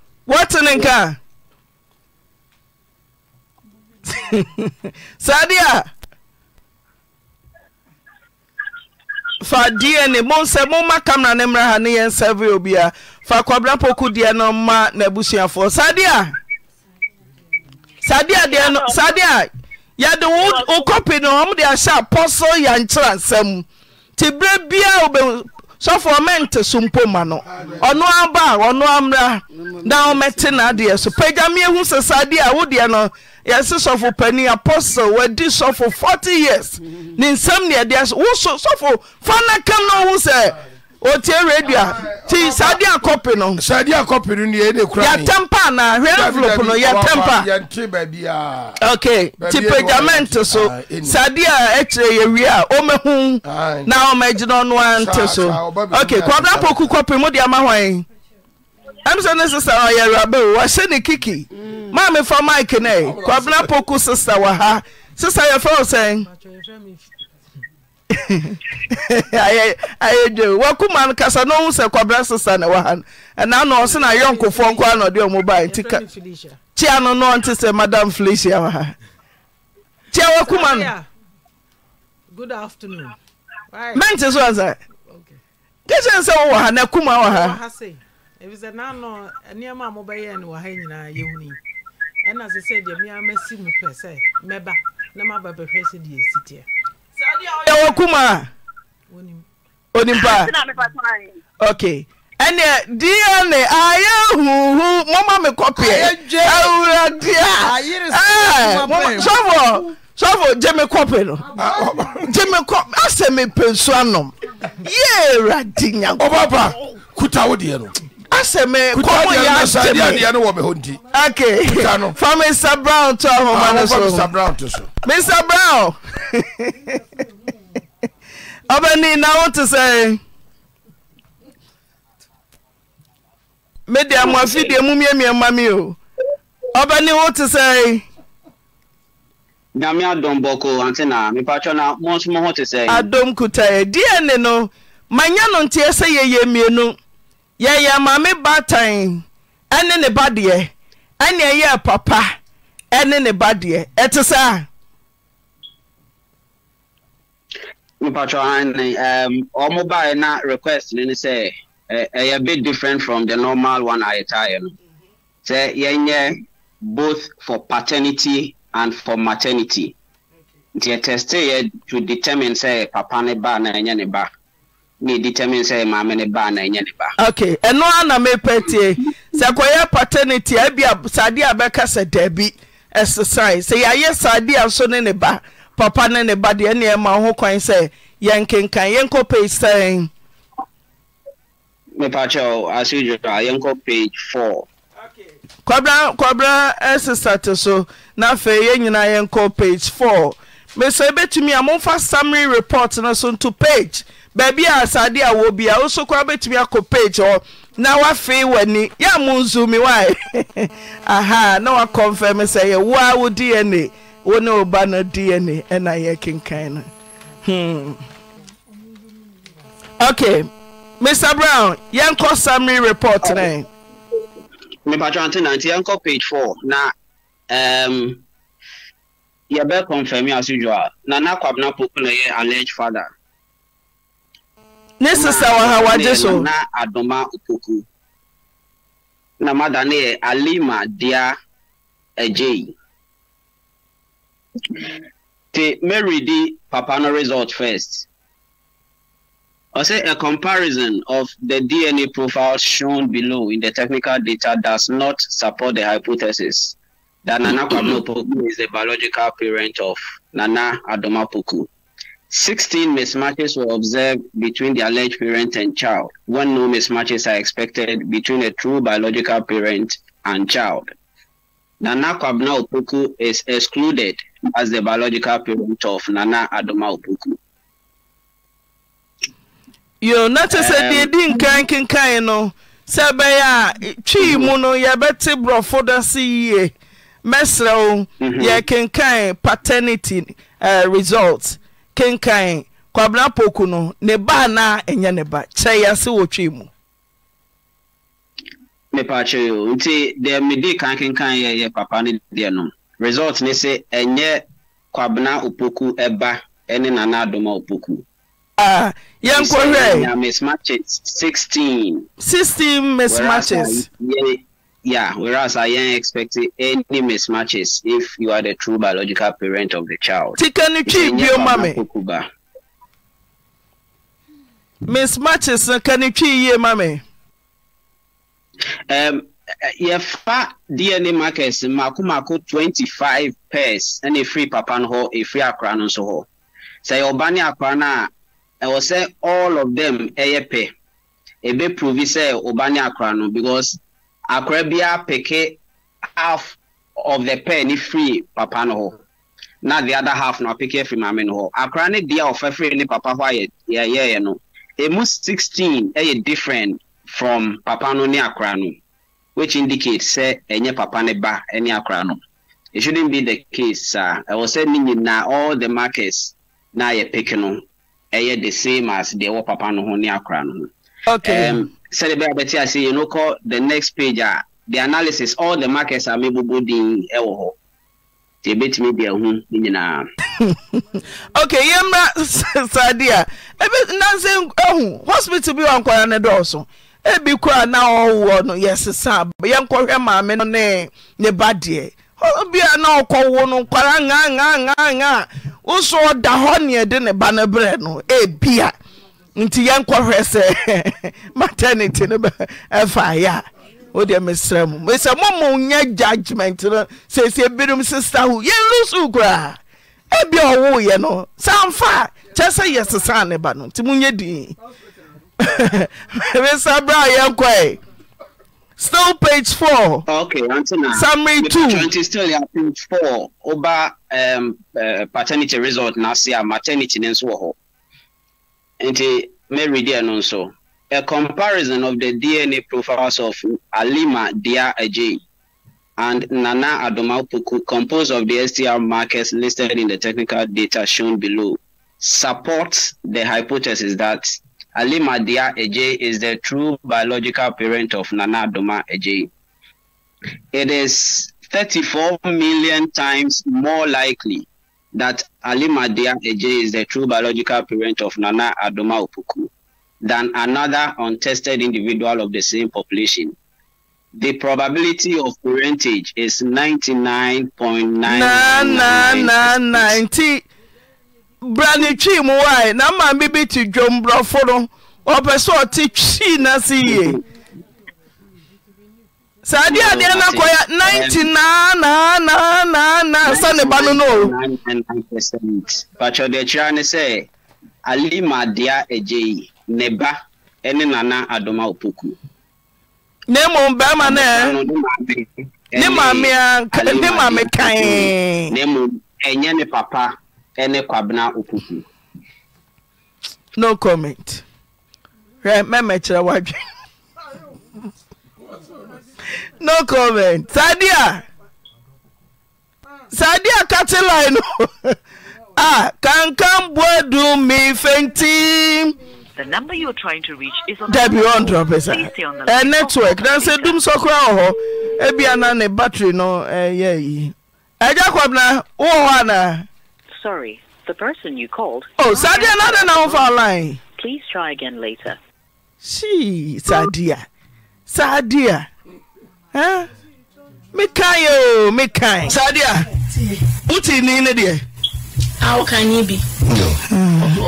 wate ne nka [laughs] sa deɛ a fa dn mom sɛ momma kamra ne mmraha ne yɛsɛviobia fa kwabra po ku deɛ no ma naabusuafoɔ sadeɛ sadeɛdeɛsadeɛ a yɛde wokɔpi no ɔm de ahyɛ pɔ so ya nkyera nsɛm nti berɛ biaa wobɛu sɔfo ɔmɛnte so mpo ma no ɔno abaa ɔno ammra da womɛte noadeɛ so pa agyameɛhu sɛ saadeɛ a wo deɛ no yɛse sɔfo pani apostle woadi sɔfo 40 years ne nsɛm deɛdeɛ so woso sɔfo fa ne kam no ohu sɛ otie radio ti sadi akɔpi no. sadi akɔpi no yɛ de kura mi. yɛtɛmpa ana hwɛ envelope no yɛtɛmpa. yɛnti baabi a. ok ti pejament so ah, sadi a ɛkyerɛ yɛ wie a ɔmɛhu ah, na ɔmɛgyina ɔno a nte so ok kɔdra poku kɔpi mu de ama hɔn ɛmusɛn ne sisa ɔyɛ rabe o wahyɛ ne kiki maame fa maiki nɛ kɔdra poku sisa wɔ ha sisa yɛ fɛn o sɛn. ayɛ dwe wakoma no kasa na ɔhu sɛ kwabra sesa ne no ɛna na ɔse na yɔnkofoɔ nko a na ɔde ɔmo baa nti ka kyia no na ɔnte sɛ madam felicia wɔ ha kyia wakoma no mente so ansa kɛhyɛn sɛ wowɔ ha na akuma wɔ ha yɛwɔ kuma onimpa ok ɛnɛ dna ayɛ huhu mɔma me kɔpeɛ awuradeɛ sɔfo sɔfo gye me kɔpe no gye ah, ah, ah. me kɔpe asɛ mepɛ nsu anom yɛ awurade nyankopɔn kuta wo deɛ no sɛmfa mr brown to ahoma no so mr brown [laughs] ɔbɛni na wote sɛ mede amoafideɛ mu miamiama me o ɔbɛni wote sɛ nyame adom bɔko ante na mepatwɛ na mo nso mo ho te sɛ adom kutae deɛ ne no yɛyɛ mame batan ɛne ne ba deɛ ɛne ɛyɛɛ papa ɛne ne ba deɛ ɛte saa mpatrɔ hane um, ɔmo baeɛ na request ne ne sɛ ɛyɛ a bit different from the normal one ayɛtaeɛ no sɛ yɛnyɛ both for paternity and for maternity nti yɛtɛsteyɛ to determine sɛ papa ne ba na ɛnyɛ ne ba ɛno ana mepɛtie sɛ kɔyɛ patanit bsaadeɛ a bɛka sɛ daabi ssai sɛ yɛayɛ saadeɛ a so ne ne ba papa ne ne ba deɛnema woho kwan sɛ yɛnkenkan yɛnkɔ pag sɛnpg rkwabera asesɛte so na afei yɛ nyinaa yɛnkɔ pag f mesɛ ebɛtumi a momfa sammery report no so nto page baabi a asade a wɔ bia wo so koraa bɛtumi akɔ page hɔ na woafei w'ani yɛ mo nzu mi wae aha na wakɔmfɛ me sɛ yɛ woa wo dna wo ne wo ba no dna ɛna yɛ kenkan no hmm. okay mr brown yɛnkɔ summary report ne mepatro ante nante yɛnkɔ page four na um, yɛbɛkɔmfɛmi asodwo a nana kwabena poku na yɛ alleged father ne sisa wɔ na adoma ukuku na mada alima dia te mary di papa no result first say a comparison of the dna profile shown below in the technical data does not support the hypothesis that nana kwabena is the biological parent of nana adoma poku. 16 mismatches were observed between the alleged parent and child. One no mismatches are expected between a true biological parent and child. Nana Kwabna Opoku is excluded as the biological parent of Nana Adoma Opoku. Yo, not to say um, they didn't can can can no. Sabaya, chi mm-hmm. muno ya bete bro for the CE. Mm-hmm. ya can paternity uh, results. kenkan kwabena poku no ne ba na ɛnyɛ ne ba kyerɛ yɛ ase wɔtwe mu mepaakyɛ o nti deɛ mede kan kenkan yɛ papa no deɛ no result ne sɛ ɛnyɛ kwabena opoku ɛba ɛne nana adoma opoku uh, yɛnkɔhwɛ mismatches 16 16 mismatches Yeah, whereas I ain't expecting any mismatches if you are the true biological parent of the child. Tikani Chibio Mame. Mismatches Kanichi Ye Mame. Um, yɛfa dna markers mmaako mmaako twenty five pairs ɛna efiri papa no hɔ efiri akora no nso hɔ sɛ yɛ ɔba ne akora no a ɛwɔ sɛ all of them ɛyɛ pɛ A provi sɛ ɔba ne akora no because akwadaa biara peke half of the pen ne firi papa no hɔ na the other half no apeke afiri maame no hɔ akwadaa ne deɛ ɔfa firi ne papa hɔ ayɛ yɛyɛɛ no emu sixteen ɛyɛ e different from papa no ne akwadaa no which indicates sɛ ɛnyɛ e papa ne ba ɛne e akwadaa no it shouldn't be the case saa ɛwɔ sɛ ne nyinaa all the markets na yɛ peke no ɛyɛ the same as deɛ ɛwɔ papa no ho ne akwadaa no ho. okay. Um, sɛde bɛyɛ bɛte ase yɛ no kɔ the next page a the analysis all the markets a mebobɔ din wɔ hɔ nti yɛbɛtumi de ahu ne nyinaa [laughs] ok yɛmmra [laughs] sade a nansɛ ahu hospital bi wɔ nkwara ne dɔɔso ebi kora na ɔwɔ no yɛsesa yɛnkɔhwɛ maame no ne ne ba deɛ obia na ɔkɔwo no nkwara ŋaŋaŋaŋa wo so ɔda hɔ neɛ de ne ba no berɛ no ebia eh, nti yɛnkɔhwɛ sɛ [laughs] maternity no ɛfa yɛ a wo deɛ mesrɛ mu mesɛ momo nyɛ judgment no sɛsie binom sisterhood yɛnlusu koraa ebi a ɔwoyɛ no samfa kyɛ sɛ yɛ sesa ne ba no nti monyɛ dii [laughs] mesɛ berɛ a yɛnkɔe still page four. okay antina summary two twenty still ya page four oba um, uh, paternity result na se a maternity ne nso wɔ hɔ. nti mary deɛ no nso a comparison of the dna profiles of alima dia ajay and nana adomapoku composed of the str markers listed in the technical data shown below supports the hypothesis that alima dia ajay is the true biological parent of nana adoma ajay it is 34 million times more likely that Alimadia Eje is the true biological parent of Nana Adoma Opuku than another untested individual of the same population. The probability of parentage is 99.9. Na na na 90. Brani chi muwai na mambi biti jombroforo. Ope so ti chi na siye. Sadiya deɛ adeɛ no ya ninety naa naa naa naa naa nsa ne ba no noo. patro deɛ kyerɛ ne sɛ alima dea agye yi ne ba ne nana adoma opoku. na mmom barima no ɛ ne maame a ne maame kan. na mmom ɛnyɛ ne papa ne kwabena opoku. no comment. hwɛ mɛmɛ kyerɛ wadwe. nocmen sadeɛa sadeɛa kate li [laughs] nokankan ah, boadu me fentiai eh, eh, network nansɛ dum sɔkora wɔ hɔ biana ne battery no yɛyi agya kmena wowɔ hɔ anaa sadeɛa na oh, ada na wofa lsadeade mekae o mekae saa deɛ wote ni ne deɛ awoka ni bi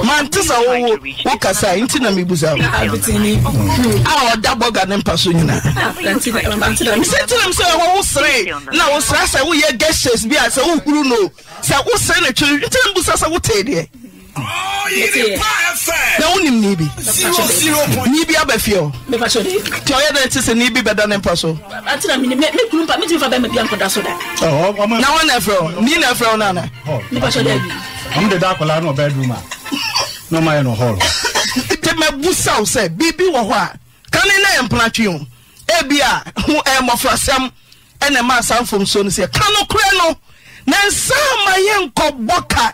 mante sa wowo wokasa nti na mebusa a ɔda bɔga ne mpa so nyinaasɛntinam sɛ ɛhɔ wo sere na wo sere sɛ woyɛ geshes bi a sɛ wohuru no sɛ wo sere ne twere nti na mebusa sɛ wotee deɛ na wonim ne bi ne bi aba fie nti ɔyɛ dɛ te sɛ ne bi bɛda ne mpa so na wɔ na ɛfrɛ wo ne na ɛfrɛ wo no ana ɔmdeda akɔla na ɔbɛadum a na ɔmayɛ no hɔl nti mabusa wo sɛ biribi wɔ hɔ a kane na yɛ mpena twe o ebi a mmɔfrasɛm ɛna ɛma asamfo nsuo no sɛ ka no korɛ no na nsa ma yɛ nkɔbɔ ka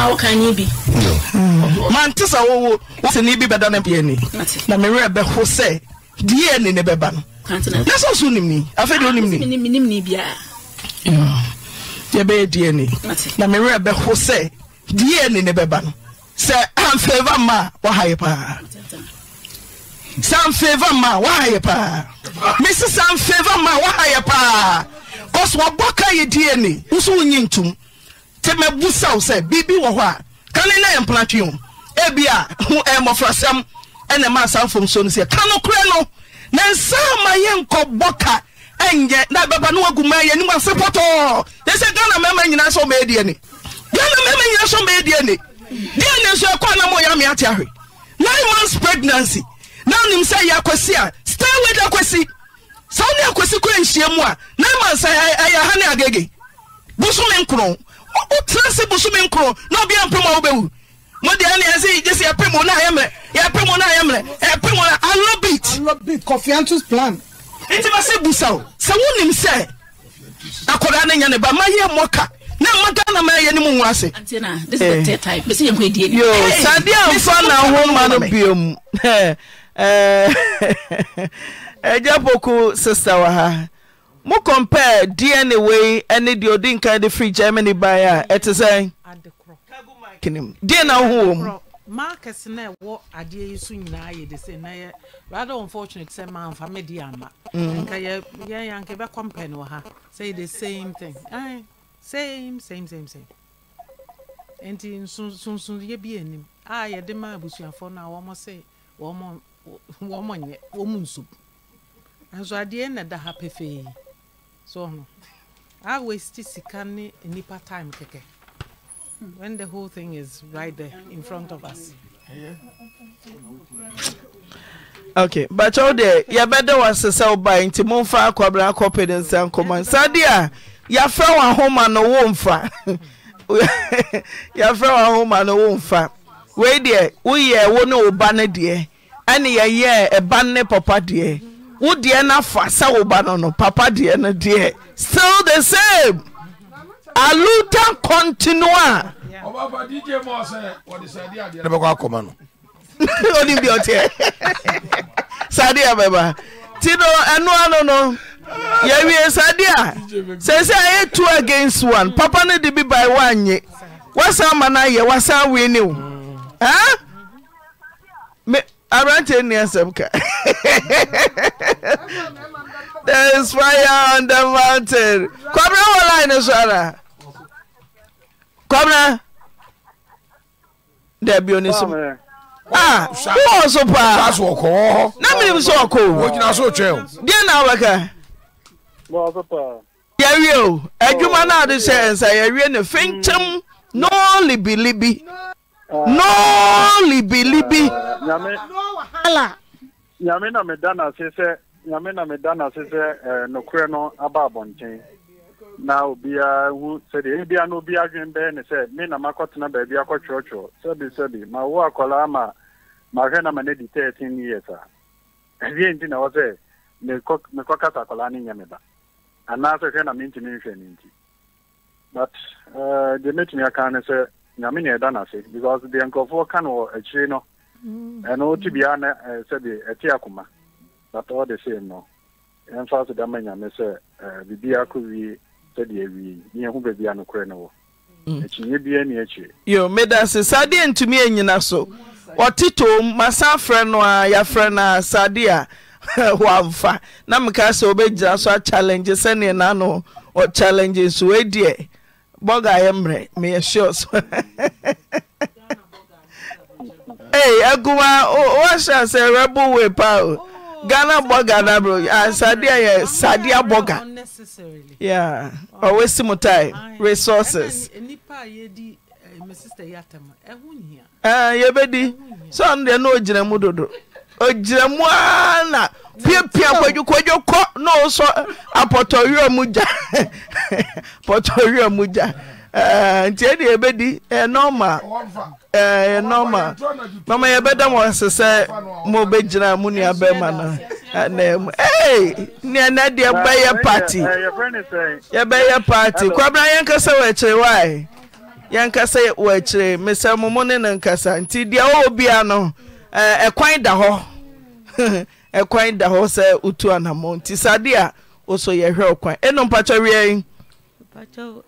awo kan yi bi. maa n ti sa wowo wosi ni ibi bɛ da ne bi yɛ ni na mi rɛ bɛ ho sɛ diɛ ni ne bɛ ba no ne sɔ so nim ni afɛ de o nim ni. yɛ bɛ yɛ diɛ ni na mi rɛ bɛ ho sɛ diɛ ni ne bɛ ba no sɛ anfɛɛba ma wa ha yɛ paa sɛ anfɛɛba ma wa ha yɛ paa mesi sɛ anfɛɛba ma wa ha yɛ paa kɔsɔn ɔbɔ ka yɛ diɛ ni nso wonye ntum nti busa saw sɛ biribi wɔ hɔ a kane na yɛmpena twe o ebi a eh, mmɔfrasɛm ɛna ma asa fam so no sɛ ka no korɛ no na nsa ma yɛnkɔ bɔka ɛnyɛ na bɛba no wagu ma yɛnim ase pɔtɔɔ yɛsɛ ghana mɛma nyinaa sɛ ɔmɛyɛ deɛ ne ghana mɛma nyinaa sɛ ɔmɛyɛ deɛ ne deɛ ne nso ɛkɔ anam ɔyɛ ame ate ahwe nine months pregnancy na nim sɛ yɛ akwasi a stay with akwasi saa ne akwasi kɔ nhyia mu a nine months ɛyɛ ha ne agege bosom nkron wotena se bosome nkoro na obia mpem a wobɛwu mo deɛ ne ɛsɛ gye sɛ yɛpe mo no a yɛmmerɛ yɛpe mo no a yɛmmerɛ yɛpe mo no a alobit alobit kofiantos plan nti ma sɛ busa o sɛ wonim sɛ akwadaa no nya ne ba mayɛ mmɔka na mma ghana ma ɛyɛ ne mu nwa ase yo sade amfa na ho ma no biom ɛgya [laughs] eh, eh, [laughs] poku sista wɔ ha mo compare dna wei ne deɛ ɔdi nkan de firi germany bae a ɛte sɛ deɛ na woho wɔ mu markets na ɛwɔ adeɛ yi so nyinaa yɛ de sɛ na yɛ rather unfortunate sɛ mamfa me de ama mm. nka yɛ yɛ anka bɛ compare no ha say the same thing ɛn same same same same nti nsonson yɛ bi anim a yɛde ma abusuafoɔ no a wɔn sɛ wɔn wɔn nyɛ wɔn nso nso adeɛ na da ha pefee so no i waste sika ne nipa time kɛkɛ when the whole thing is right there in front of us. okay bàtà ó dẹ yàbẹ̀dẹ̀ wà sẹ̀sẹ̀ ọba yìí ntì mú nfa akọ̀bẹ̀rẹ̀ akọ̀pẹ̀ ní nsẹ̀ nkọ̀mọ̀ nsàdí à yàfẹ́ wọn ahoma ní owó nfa [laughs] yàfẹ́ wọn ahoma ní owó nfa wéé deɛ wúyẹ ẹ̀wọ́ ní ọba ní deɛ ɛnì yẹ yẹ ɛba ní pọ̀pá deɛ. wo deɛ no afa sɛ wo ba no no papa deɛ no still the same aluta continua onim deɛ na sadeɛ bɛba nti no ɛnoa [laughs] no no [laughs] yɛwie sadeɛ a sɛ sɛ ɛyɛ two against one papa no de bi bae woanye woasan wasa no ayɛ eh? aberantnsɛmkaat kɔmea wɔl no soan kme wɔ so ah, pana menisɔeɛna wobɛka yɛiɛ adwuma no ado sɛ ɛnsa yɛwie no fenkyɛm nolebilebi no libi. no wahala. nyame na meda n'ase sɛ nyame na meda n'ase sɛ ɛɛ eh, nokorɛ no aba abɔnten na obiara hu sɛdeɛ ebia na obiara adwene bɛyɛ ne sɛ me na makɔtena baabi akɔtwerɛtwerɛ Sebi sebi. ma wo akɔlaa ma mahwɛ na ma ne di thirteen years a ɛdeɛ nti na wɔ sɛ mekɔ mekɔkasa akɔlaa ne nyɛ me ba anaasɛ hwɛ na mentumi nhwɛ ne nti but ɛɛ eh, deɛ mɛtumi aka ne sɛ nyame ne ɛda n'ase because deɛ nkurɔfoɔ ka no wɔ mm. akyire no ɛno wote biara na e, sɛdeɛ ɛte akoma but all the no ɛmfa e, mm. so dama nyame sɛ biribiara kɔ wie sɛdeɛ awie ne ɛho baabia nokorɛ no wɔ akyinnye biara ne akyire yo meda se saa ntumi anyina so ɔte tom masa frɛ no a yɛfrɛ no a sade [laughs] a wɔamfa na meka sɛ wobɛgyina so achallenge sɛneɛ na no ɔchallenge nso wei deɛ boga yɛ mmerɛ meyɛ hyɛ so akuma [laughs] wɔahyɛa sɛ rebl we pao ghana bɔga no brɛsadeɛ ah, a yɛ sadeabɔga ɔwɔ si mu time resources eh, ah, yɛbɛdi sɛ ɔno deɛ na ɔgyinamu dodo ogyiramu a na piapia kwadwokwadwo eh, kɔ na ɔsɔ apɔtɔwerɛ mu gya pɔtɔwerɛ mu gya nti ɛde yɛbɛdi ɛnɔma ɛnɔma mama yɛbɛda mo ase sɛ mobɛgyina mo nuabɛma na anam ee nea na deɛ bɛyɛ party eh, yɛbɛyɛ party kwabena yɛnkasa wɔ akyire wae yɛnkasa wɔ akyire mesɛ mo mo ne no nkasa nti deɛ wɔwɔ bia no ɛkwan eh, eh, da hɔ ɛkwan [laughs] eh, da hɔ sɛ wotu anammɔ nti sade a wo so yɛhwɛ ɔkwan ɛno mpakya wiai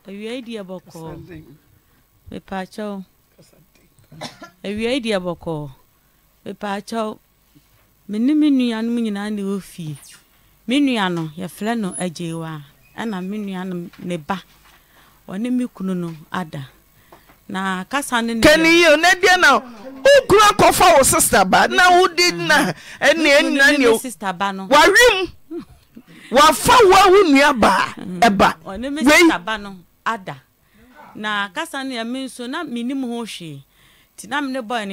awiai deɛ bɔkɔɔ mepaakyɛw mene me nuanom nyinaa ne wɔ fie me nua no yɛfrɛ no agyeewa ɛna me nua no ne ba ɔne me kunu no ada kaniyo ọ na wokura ba na wode na ɛneɛnyina newawem wafa woa baa hmm. Ada na kasa no nso na mennim ho hwee nti na mene baa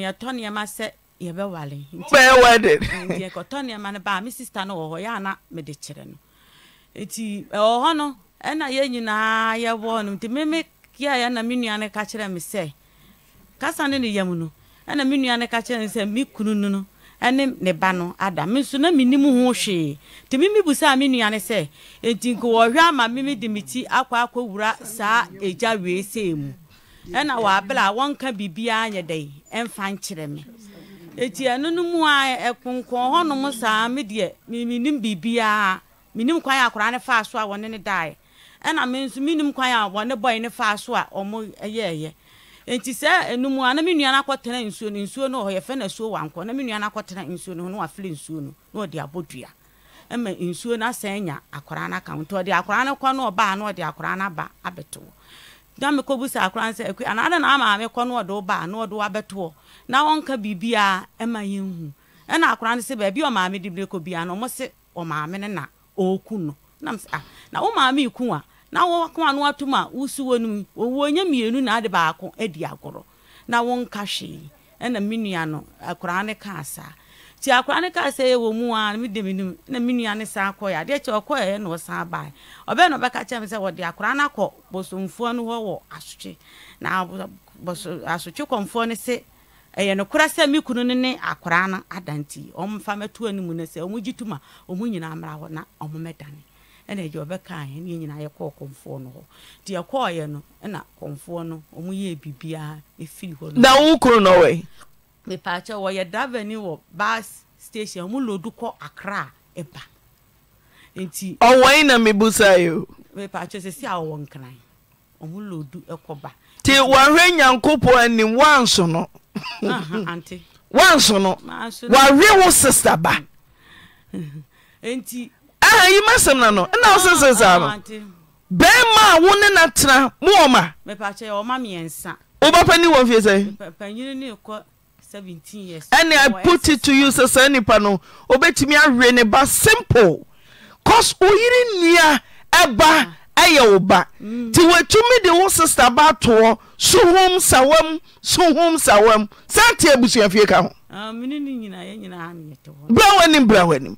me sista no na [laughs] hɔ yɛ ana mede kyerɛ no nti ɛwɔ hɔ no ɛna nyinaa yɛwɔ no kia ya na mi nua ne ka kyerɛ me sɛ kasa ne ne yam no ɛna me nua ne ka kyerɛ me sɛ me kunu no no ɛne ne ba no ada me nso na mennim ho hwee nti mimi busaa me nua sɛ enti nka wɔhwɛ ama mimi de me ti akɔ wura saa egya wee sei mu ɛna wɔabela a wɔnka biribiara nyɛ dɛn ɛmfa nkyerɛ me eti ɛno no mu a ɛkonkɔn hɔnom saa me deɛ menim biribiara menim kwan akora ne faa so a wɔne ne daeɛ ɛna me nso menim kwan a wɔne bɔe ne faa so a ɔmo ɛyɛɛyɛ nti sɛ enum a na me nua no akɔtena nsuo no nsuo no yɛfɛ na suo wankɔ na me nua no akɔtena nsuo no ho na wafere nsuo no na ɔde abɔ dua ɛma nsuo no asɛn nya akwaraa no ho nti ɔde akwaraa no kɔ no ɔbaa na ɔde akwaraa no aba abɛto na mekɔbu sɛ akwaraa sɛ akui anaade na ama me kɔ no ɔde wobaa na ɔde wabɛtoɔ na ɔnka biribiaa ɛma yɛnhu ɛna akwaraa no sɛ baabi ɔmaame kɔ biaa no ɔmo se ɔmaame na ɔɔku no nam ah, na wo maame ku na wɔko ano atom a wosi wɔ no mu wɔwɔ nya mmienu na ade baako adi agorɔ na wɔnka hwee ɛna me nua no akoraa ne kaa saa nti akoraa ne kaa saa yɛ wɔ mu a me dɛm nim na me nua ne saa kɔɛ adeɛ kyɛ ɔkɔɛ na ɔsan bae ɔbɛn na ɔbɛka kyerɛ me sɛ wɔde akoraa no akɔ bosomfoɔ no hɔ wɔ asotwe na asotwe kɔmfoɔ no se ɛyɛ nokorɛ sɛ me kunu no ne akoraa no ada nti ɔmfa mɛto animu no sɛ ɔmogye tom a ɔmo nyinaa mmra hɔ na ɔmo mɛdane ɛna agya ɔbɛka yɛn ne yɛn nyinaa yɛkɔɔ kɔnfoɔ no hɔ nti yɛkɔɔyɛ no ɛna kɔnfoɔ no ɔmo yɛɛ biribiaa ɛfiri hɔ na wo kuro no wɔ mepaakyɛ wɔyɛ davani wɔ bas station ɔmo lodu kɔ akra a ɛba nti ɔwɔn na mebusa yi o mepaakyɛ sɛ si a ɔwɔ nkran ɔmo lodu ɛkɔ ba nti wɔahwɛ nyankopɔn anim woanso no woanso no wɔahwe wo ba nti aha yi masɛm na no na wosese saa ah, ah, no ah, bɛima a wo ne na tena mowɔ ma wobapani wɔ fie sɛ ɛne i put it to you sɛ saa nnipa no wobɛtumi awe ne ba simple cause woyere nnua ɛba ɛyɛ wo ba mm. nti woatumi de wo sesta ba toɔ sohom sawam sohom sawam saa te abusua fie ka ho berɛ w'anim bra w'anim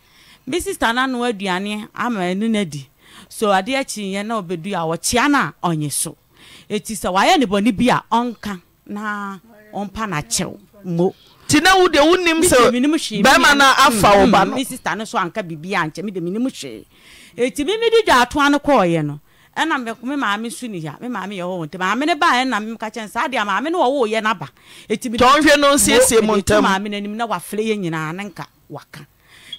me sista nanoa aduane ama so adeɛ na ɔbɛdua wɔkyea na ɔnye so ɛti sɛ wayɛ ne bɔne bi a ɔnka na ɔmpa nakyɛw mo na sɛ afa wo ba mm, no so anka biribia n'im hwee dwa no ɛna maame ya me maame yɛ hɔ wɔn na maame ne ba ɛna me ka kyɛn saa deɛ maame ne wɔwɔ yɛ n'aba. tɔnhwɛ no nsiesie mu ntɛm maame n'anim na yɛ nyinaa ne nka waka.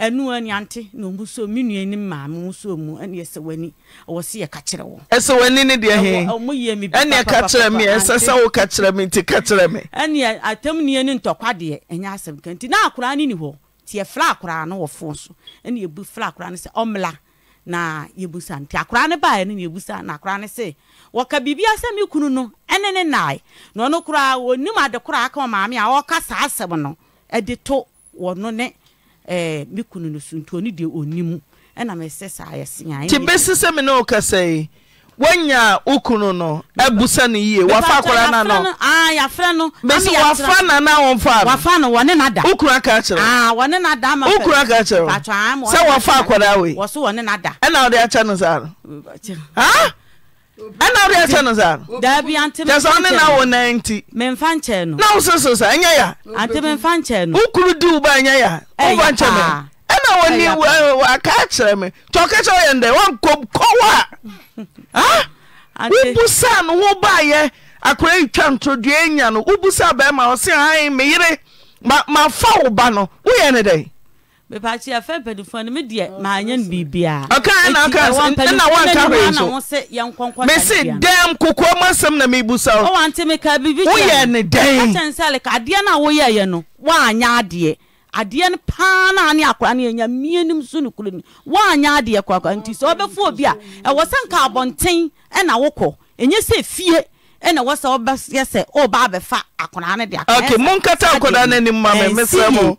ɛnu ani ante na ɔmu so mi nua ni maame mu so mu ɛna ɛsɛ wani ɔwɔ si yɛ ka kyerɛ ɛsɛ wani ni deɛ hɛn ɔmu yɛ mi bi papapapa ɛna ka mi ɛsɛ sɛ o ka mi nti ka kyerɛ mi. ɛna atam nia ni ntɔkwa deɛ ɛnya asɛm kan nti na akora ni ni hɔ ti yɛ fila akora no wɔ fon so ɛna yɛ fila akora no sɛ ɔmla na yɛbusa nti akora ne baa ne yɛbusa na akora ne se wɔka biribi asɛm mi kunu no ɛne ne naae na ɔno koraa onim ade koraa aka maame a ɔka saa asɛm no ɛde to wɔno ne Eh, me kunu no suntuone deɛ ɔnimu ɛna mesɛ saa yɛseanti bɛsi sɛ me ne wo kasɛi woanya wo kunu no abusa no yie wafa akɔra no na wafa nana da. nowokunu aka kyerɛwokunu aka kyerɛ sɛ wɔfa akɔra wei ɛna wode akyɛ no saa no ɛna wode ɛkyɛ no saakyɛ sɛ ɔne na wo naa nti na wososo sa ɛnyɛ yɛ wokuru di wo ba ɛnyɛ yɛ womfa nkyɛ me ɛna wniaka kyerɛ me kyɛ ɔka kyɛ woyɛ ndɛ wonkɔkɔw a [laughs] ah? wobu saa no wo baayɛ akora yitwa ntodua nya no wobu saa bɛrima ɔse ae meyere mafa wo ba no woyɛ ne dɛn padamede ya brnoe ɛkmese dɛm kokoa m sɛm na mebu saownt meka birbioyɛ ne dɛɛsɛea adeɛ no woyɛ yɛ no waayɛ adeɛ adeɛ no paa ɛɛaenaoɛsɛ fie ɛɛ ɛaɛfa akoa monkata akɔdaa no nim mame mesɛ mo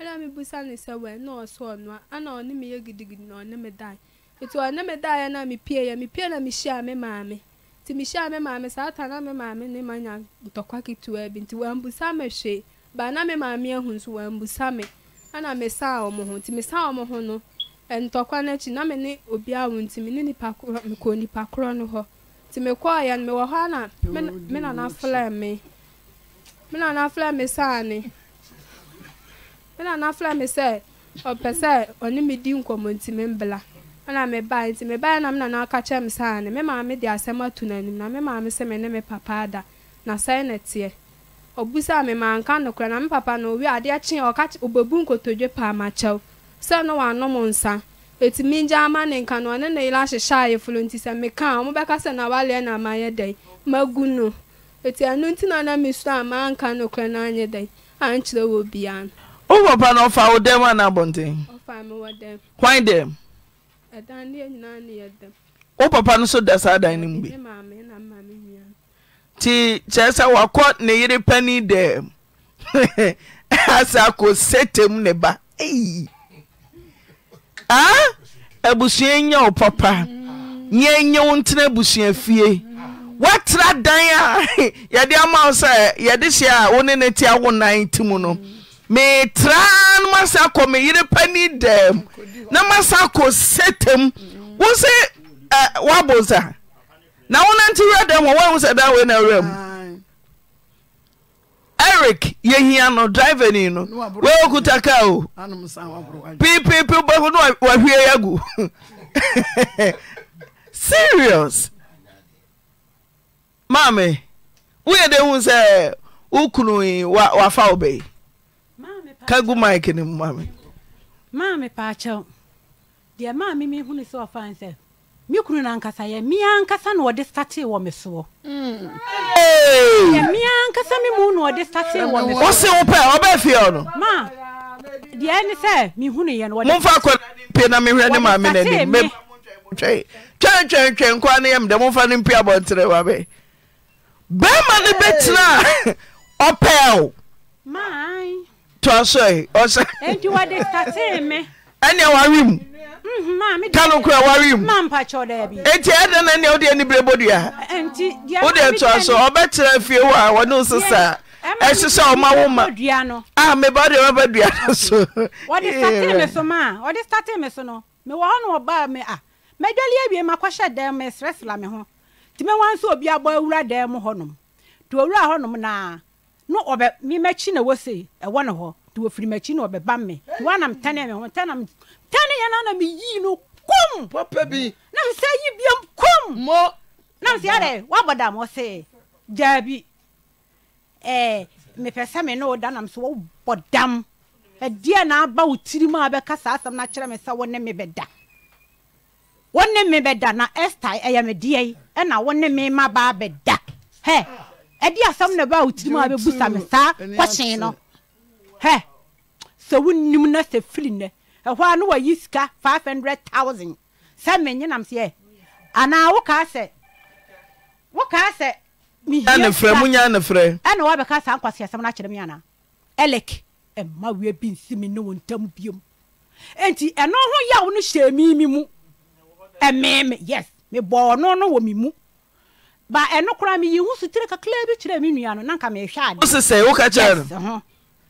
ɛna mibusa ne sɛ wɛ na ɔsɛ ɔnoa ɛna ɔne me yɛ gidigidi na ɔne me dan nti ɔne me dan na mepie yɛ mepie na mehyia me maame nti mehyia me maame saa ta na me maame ne ma nya ntɔkwa ketewa bi nti wɔambusa me hwee baa na me maame ahu nso wɔambusa me ɛna mesaa wɔn ho nti mesaa wɔn ho no ntɔkwa n'akyi na me ne obi awo nti me ne nipa korɔ mekɔ nipa korɔ no hɔ nti mekɔɔ yɛ no mewɔ hɔ na me nana flɛ me me nana flɛ me saa ne ɛna n'afra mi sɛ ɔpɛ sɛ ɔne mi di nkɔmɔ nti mi mbla ɛna mi ba nti mi ba na mi na aka kyerɛ mi saa ne mi maame di asɛm ato n'anim na mi maame sɛ mi ne mi papa ada na sɛn na teɛ ɔbusa mi maa nka nokora na mi papa na owi adeɛ kye ɔka obebu nkotodwe paa ma kyɛw sɛ no wanom nsa etumi gya ama ne nka no ɔne ne yere ahyehyɛ ayeforo nti sɛ meka a ɔmobɛka sɛ na waleɛ na ama yɛ dɛn magu no eti ɛno ntina na na mi so a maa nka nokora na anyɛ dɛn ankyerɛ wɔ biara no wo papa no ɔfa wo dɛma ana abɔnten wan dɛ wo papa no so da saa dan no mube nti kyɛɛ sɛ woakɔ ne yere pani dɛ [laughs] asa ko setem ne bae ah? abusua nya wo papa neɛnyɛ wo ntena abusua fie woatera dan a [laughs] yɛde ama o sɛ yɛde hyeɛ a wo ne no tiawonan ti mu no metraa no masa akɔ meyere pani dam na masa akɔ setem wo sɛ eh, woabo sa na wonante wura dam wɔ woahu sɛ daa wei na awura mu eric yɛhia no driver ni no woɛkuta ka o ppp wobɛhu no wahwie agu [laughs] serious maame woyɛ dɛ hu sɛ wo kunu wafa wo bɛyi ka gu mike ne mu maame maame paakyɛw deɛ maame mi hu ne sɛ ɔfan sɛ me kunu nankasa yɛ mmea ankasa na ɔde statee wɔ me soɔ yɛ mmea ankasa me mu na ɔde statee wɔ me soɔ wose wo ɔbɛ fie ɔ no ma deɛ ne sɛ mehu ne yɛ no momfa akɔ pie na mehwɛ ne maame no anim twɛn twɛn twɛn nkwa ne yɛm dɛ momfa no mpi abɔntere wabɛ bɛrima no bɛtena [laughs] ɔpɛɛw toa sɛ ɔsɛ ɛnea warem ka no kora warem enti ɛdɛ na nea wode aniberɛ bɔdua wode toa so ɔbɛtera fie hɔ a wɔne wo sesaa ɛse sɛ ɔma wo ma meba deɛ mɛba dua [laughs] no so mɛdwaleɛ wie makɔhyɛ dan m srɛsra me ho nti mɛwa nso obi abɔ awura dan mu hɔnom nti owura hɔnom naa na ɔbɛ memɛkyi na wɔ sei ɛwɔ ne hɔ to ofiri m'akyi na ɔbɛba me wanam tɛne me ho tɛnam tɛne yɛ na na meyii no kom pɔpɛ bi na mesɛ yi biam kom mo na mesɛ adɛ woabɔ da mɔ se daabi ɛɛ mepɛ sɛ me da nam sɛ wobɔ dam ɛdeɛ na aba wo tirim a bɛka saa asɛm no akyerɛ me sɛ wo ne me bɛda wo ne me bɛda na ɛsta ɛyɛ me deɛ yi ɛna wo ne me ma baa bɛda hɛ ɛdeɛ asɛm na ɛbaa wo tirim a bɛbusa me saa kɔkyee no hɛ sɛ nim na sɛ fili nɛ ɛhɔ a ne wayi sika 500000 sɛ menye nam sɛ anaa wokaa sɛ wokaa sɛ ɛna wabɛka saa nkwaseasɛm no akyerɛ me anaa ɛlek ɛma wia bi nsi me ne wo ntam biom enti ɛno ho yaw no hyɛ mi mi mu ɛmeeme yes mebɔɔ no no wɔ me mu ba ɛno koraa meyi ho sotire kakraa bi kyerɛ me nua no na nka mehwɛ adeɛ sɛ woka kyerɛ no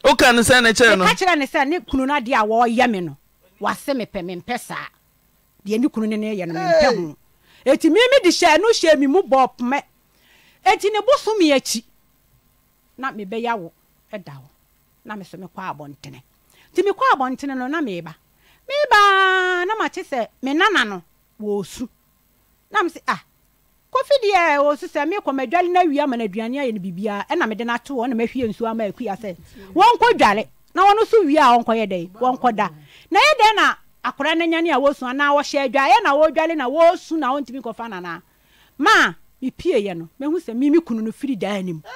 woka no sɛ ne kyerɛ noka kyerɛ ne sɛ ne kunu na adeɛ a wɔyɛ me no wase mepɛ mempɛ saa deɛ ne kunu no ne yɛ no mempɛ ho ɛti meme de hyɛ no hyɛ me mu bɔ pmɛ ɛti ne boso me akyi na mebɛya wo ɛda hɔ na me so mekɔ abɔntene nti mekɔ abɔntene no na meeba meebaa na makye sɛ me nana no wɔɔsu na me sɛ ah kofi deɛ o sisan mi kɔ mɛ dwale na wia na aduane ayɛ no bibia ɛna de na to wɔn na mɛ hwie nsuo ama akuya sɛ wɔn kɔ dwale na wɔn nso wia a wɔn kɔ yɛ dɛ wɔn kɔ da na yɛ dɛ na akora na nyane a wɔsu anaa wɔhyɛ dwa yɛ na wɔdwale na wɔsu na wɔn ntumi kɔfa nana maa mi pie yɛ no mɛ hu sɛ mi mi kunu no firi dan nim eh,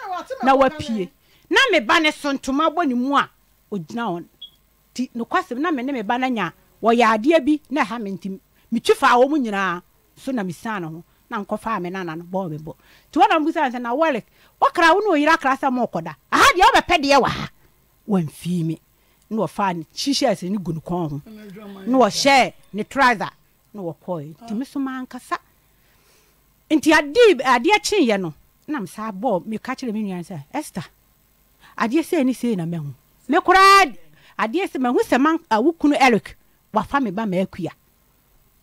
na wa pie na mi ba ne so ntoma bɔ ne mu a o ogyina wɔn ti no nokwasɛm na mi ne mi ba na nya wɔyɛ adeɛ bi na ɛha mi ntim mi twi fa wɔn nyinaa so na mi san ne ho na fa me nana no bɔɔ me bɔ nti wɔna mbusa sɛ na wɔle wɔkra wo ne ɔyera kra sɛ mɔɔkɔ da aha deɛ wɔbɛpɛ deɛ wɔ ha wɔamfii me na wɔfaa ne hyehyɛɛ sɛ ne gu ne kɔn ho ne wɔhyɛɛ ne trouser ne wɔkɔɔɛ nti me so maankasa nti ade adeɛ kyeeɛ no na m saa bɔɔ meka kyerɛ me nua sɛ esther adeɛ sɛ ne sei na mahu me koraa adeɛ sɛ mahu sɛ ma wo kunu eric wafa me ba maakua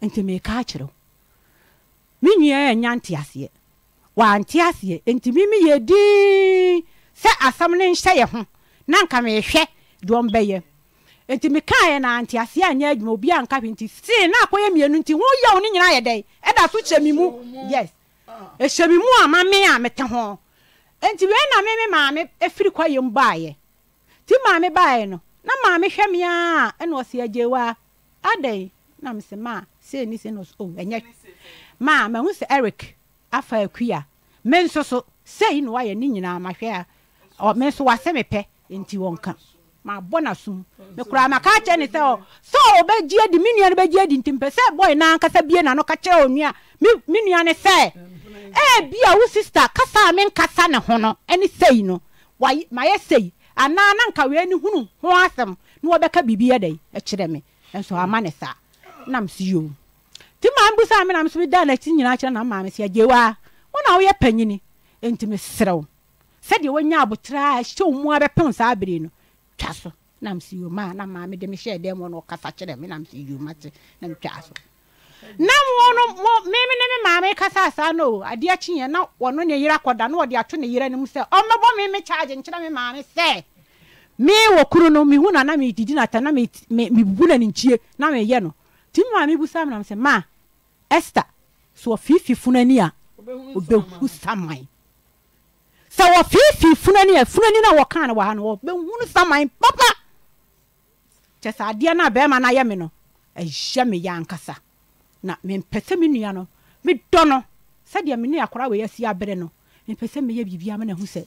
nti meka kyerɛ wo me nua yɛ nya nte aseɛ wante aseɛ nti mimi yɛ din sɛ asɛm no nhyɛ yɛ ho na nka mehwɛ deɛ ɔmbɛyɛ nti mekaeɛ na ante aseɛ anyɛ adwuma obi anka hwe nti see na akɔyɛ mmienu nti ho yɛ wo no nyinaa yɛ dɛn ɛda so kyɛ me mu yes ɛhyɛ me mu a ma me a mete ho nti wei na me me maame afiri kwaeɛ mu baeɛ nti maame baeɛ no na maame hwɛ me a ɛna ɔse agyewa adɛn na mesɛ ma a sei ni sɛ na ɔs o oh, ɛnyɛ ma ma hu sɛ eric afa akua me nso so sei na wayɛ ne nyinaa mahwɛ a me nso wasɛ mepɛ nti wɔnka mabɔ nasom mekora maka kyerɛ ne sɛ sɛ ɔbɛgye adi me nua no bɛgye adi nti mpɛ sɛ bɔe na ankasa bie na no ka kyerɛ ɔnua me nua ne sɛ ee, a wo sister kasa a menkasa ne ho no ne sei no ma mayɛ sei anaa na nka wei ne hunu ho asɛm na wɔbɛka biribi yɛ dɛn kyerɛ me nso ama ne sa nam si yom ti maa mbusa saa mi na so mi da n'akyi nyinaa kyerɛ na maame si agye waa wɔn a wɔyɛ panyini nti mi serew sɛdeɛ wɔnya abotire a ɛhyɛ wɔn mu abɛpem saa abiri no twa so na mi si yoma na maame de mi hyɛ dɛm wɔn ɔkasa kyerɛ mi na mi si yoma te na mi twa so na wɔn mo mimi ne mi maame kasa asa no adeɛ akyi yɛn na wɔn ne yira akɔda na wɔde ato ne yira ne mu sɛ ɔmɛbɔ mimi kyaagye nkyerɛ mi maame sɛ mi wɔ kuru no mi hu na na mi didi na ta na mi mi bubu na ne nkyie na mi yɛ no ti mi maame busa saa mi na mi sɛ maa ɛsta sɛ fifi funani a ɔbɛhu saman sɛ wɔfiifi funani a funani no a wɔkaa no wɔ ha no wɔbɛhunu saman papa kyɛ sɛ adeɛ no a bɛrima no ayɛ me no ɛhyɛ me yɛ ankasa na mempɛ sɛ me nua no medɔ no sɛdeɛ mene akora wei asi abere no mepɛ sɛ meyɛ biribia ma nahu sɛ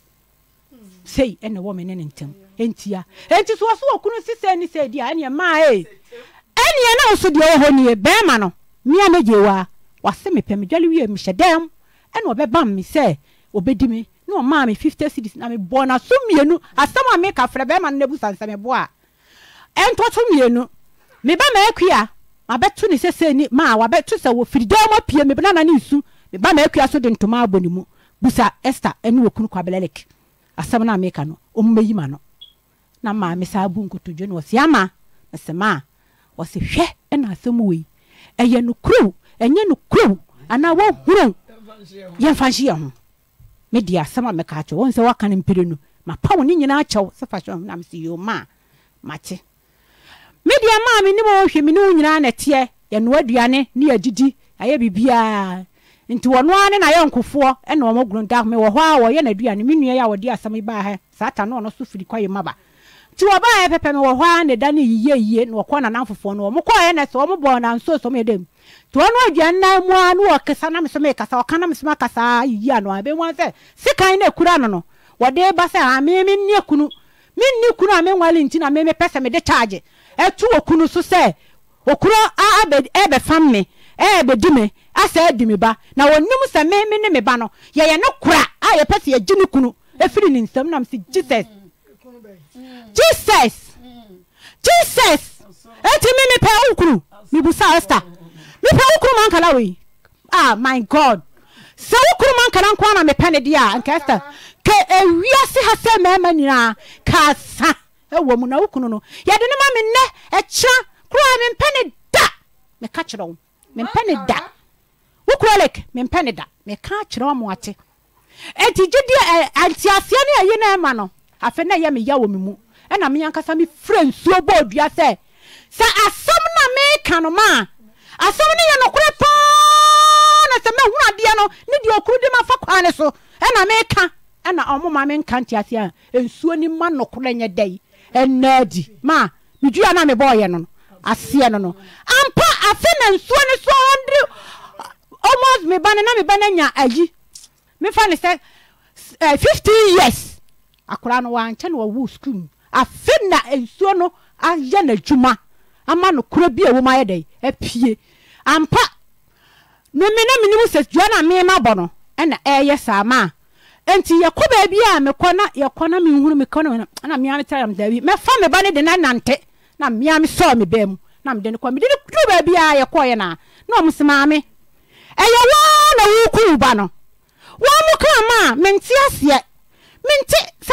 sei ɛna wɔ me ne ne ntam ɛntia ɛnti so wɔ so wɔkunu sesɛ ne sɛ di a ɛneɛ maa e ɛneɛ na wo deɛ wɔ hɔ nie bɛrima no mmea no gye wa wase mepɛ medwale wie mehyɛ dɛm ɛna ɔbɛbam me sɛ obɛdi mi na ɔmaa me fifty cities na mebɔ naso mmienu asɛm a meka frɛ bɛrima no nabu sansamebɔ a ɛntɔto mmienu meba ma akua mabɛto ne sɛsɛ ni ma wabɛto sɛ wɔfiri dɛm ma pie mebena na ne nsu meba ma akua so de ntoma abɔ ne mu busa esta ɛne wɔkunu kwabelelek asɛm na a meka no ɔmmɛyi ma no na maame saa bu nkotodwe no ɔse ama na sɛ ma a hwɛ ɛna asɛm wei ɛyɛ nokuro ɛnyɛ nokuro anaa wɔhuro yɛmfa nhye yɛ ho mede asɛm a mɛka kyɛ wɔn sɛ woaka no mpere no mapa wo ne nyinaa kyɛw sɛ fa hyɛ nam sɛ yɛo ma a makye medeɛ maa me ne wɔhwɛ me ne wo nyinaa na ɛteɛ yɛnoa aduane ne yɛgyidi ayɛ biribiaa nti wɔno ara ne na yɛnkofoɔ ɛna ɔmɔgoro da wɔ hɔ a wɔyɛ n'aduane me nua yɛ a wɔde asɛm yi baa ha saa ne ɔno so firi kwa yɛ ba nti wɔbaa yɛ pɛpɛ no wɔ hɔ a na da no yiye yiye na wɔkɔ nana fofoɔ no wɔn kɔɔ yɛ na sɛ wɔn bɔ na nsuo sɔm yɛ dɛm nti wɔn aduane nan mu a no wɔ kasa nam sɔm yɛ kasa ɔka nam sɔm akasa yiyi ano a bɛ mu sɛ sikan na ekura no no mi mi nie kunu mi ni kunu a mi nwale nti na mi mi pɛ mi de kyaagye etu okunu so sɛ okuro a abɛ ɛbɛ fam mi ɛbɛ di mi asɛ di mi ba na wɔn nim sɛ mi mi ne mi ba no yɛyɛ no kura a yɛpɛ sɛ yɛgye ne kunu efiri ne nsam nam si jesus. Mm -hmm. jesus jeses entimi mepaokro mebu saste mipaokromankaamy g sworoad wiase has mema nyira kayedenema mene kya krmempene daar afei na ɛyɛ me ya wɔ mu ɛna me ankasa me fira nsuo bɔ odua sɛ sɛ asɛm na meka no ma a asɛm no yɛ nokorɛ paa na sɛ mɛhunu adeɛ no ne deɛ ɔkuru de mafa kwaa ne so ɛna meka ɛna ɔmo ma menka ntease a nsuo ni ma nokorɛ nyɛ dɛ yi ɛnna di ma medua na mebɔɔyɛ no no aseɛ no no ampa afe na nsuo ne so ɔndre almost meba no na meba no anya ayi mefa ne sɛ eh, fifteen years akwaraa no wankyɛ na wɔwɔ sukuu mu afe na nsuo no ayɛ n'adwuma ama no kura bi a wɔn ayɛ dɛ apue ampa mmemme na mmienu sɛ dua na mmeɛma bɔ no ɛna ɛɛyɛ saa maa nti yɛkɔ baabi a mekɔ na yɛkɔ na mehunu mekɔ na na mmea me tɛrɛm daabi mɛfa me ba ne de na nante na mmea me sɔɔ me bɛɛ mu na mede ne kɔ mede ne kuru baabi a yɛkɔɔyɛ naa na ɔmo se maame ɛyɛ waa na wokuu ba no wɔn mo kaa maa mente aseɛ mente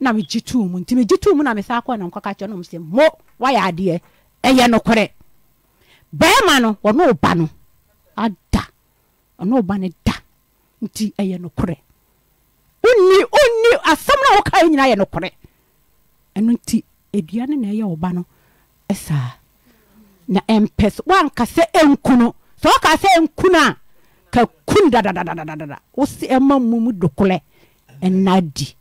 na megye too mu nti megye too mu na mesa kɔ na nkɔka kyerɛ no sɛ mo wayɛ adeɛ ɛyɛ nokorɛ bɛrima no wɔne ɔba no ada ɔne ɔba no da nti ɛyɛ nokorɛ onni onni asɛm no a woka yɛ nyinaa yɛ nokorɛ ɛno nti aduane na ɛyɛ ɔba no ɛsaa na ɛmpɛ so woanka sɛ ɛnku no sɛ woka sɛ ɛnku no a ka kun dadadadadada wo se ɛma mu mu dokolɛ ɛna di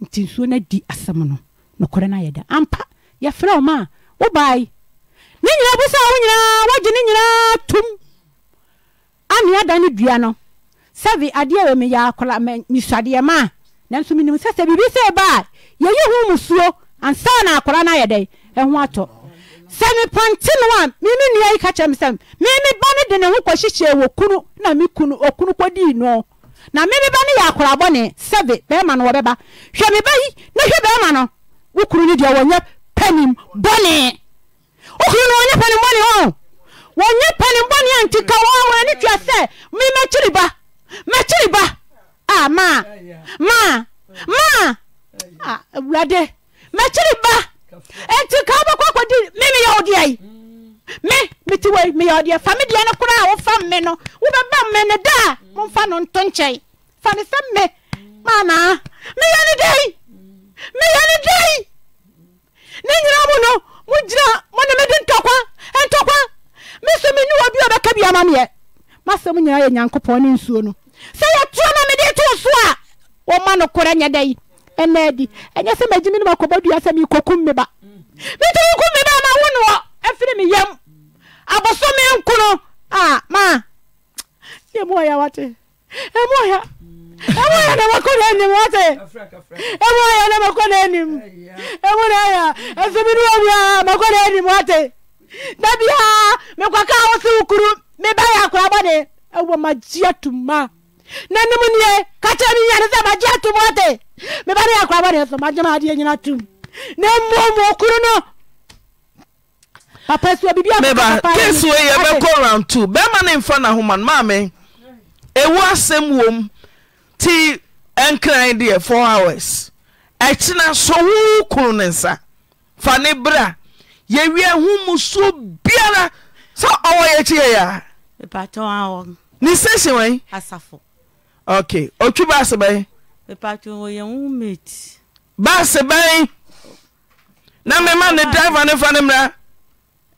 nti suo no di asɛm no na no pa rɛma o e yia ee yia a aaaa eaeo e naekun in na me beba ne yɛ akora bɔne sɛ ve bɛ ma no wɔbɛba hwɛ mebayi nahwɛ bɛma no wo koro ne dea wɔnyɛ panim bɔne wokoro no wɔnya pani bɔne o wɔya panim bɔne anti kawowane tua sɛ m mkyere ba mkyere ba aarade mkyere ba ntikawobɔkkodi me meyɛo dea me mete wei meyɛ ɔdeɛ fa me dea ne kora a wo fa mme no wobɛba mme no daa momfa no ntonkyɛ fa me sɛ me manaa meyɛ nedɛi meyɛ ne dai ne nyira mu no mo gyira monemede ntɔkwa ntɔkwa meso meni wɔ bi obɛka biamameɛ masɛm nyinayɛ nyankopɔn ne nsuo no sɛ yɛtora ma mede too so a wom noorɛnɛ sɛmgmɔ mi yam abosome nko no a ma ne mu ɔya wate ɛmu ɔya ɛmu ɔya na makɔ na anim wate ɛmu ɔya na makɔ na anim ɛmu na ɔya ɛsɛ bi ne wɔwia makɔ na anim wate da biaa mekwaka wo se wo kuru mebɛyɛ akorabɔ ne ɛwɔ magyea tuma na nom nie ka kyerɛ me nyane sɛ magyea tum wate mebɛne yɛ akorabɔ ne ɛsɛ magyema adeɛ nyina tum na mmom okuru no papa so bibi a papa case we ye be call round two. be ma ne mfa na homan ma me ewu asem wom ti enkran de four hours e kina so ne nsa fa ne bra Yewi wi ahu mu biara so owo ye chi ye ya e pa to awon ni station okay otwi ba se ben e pa to wo ye hu na me ma ne driver ne fa ne mra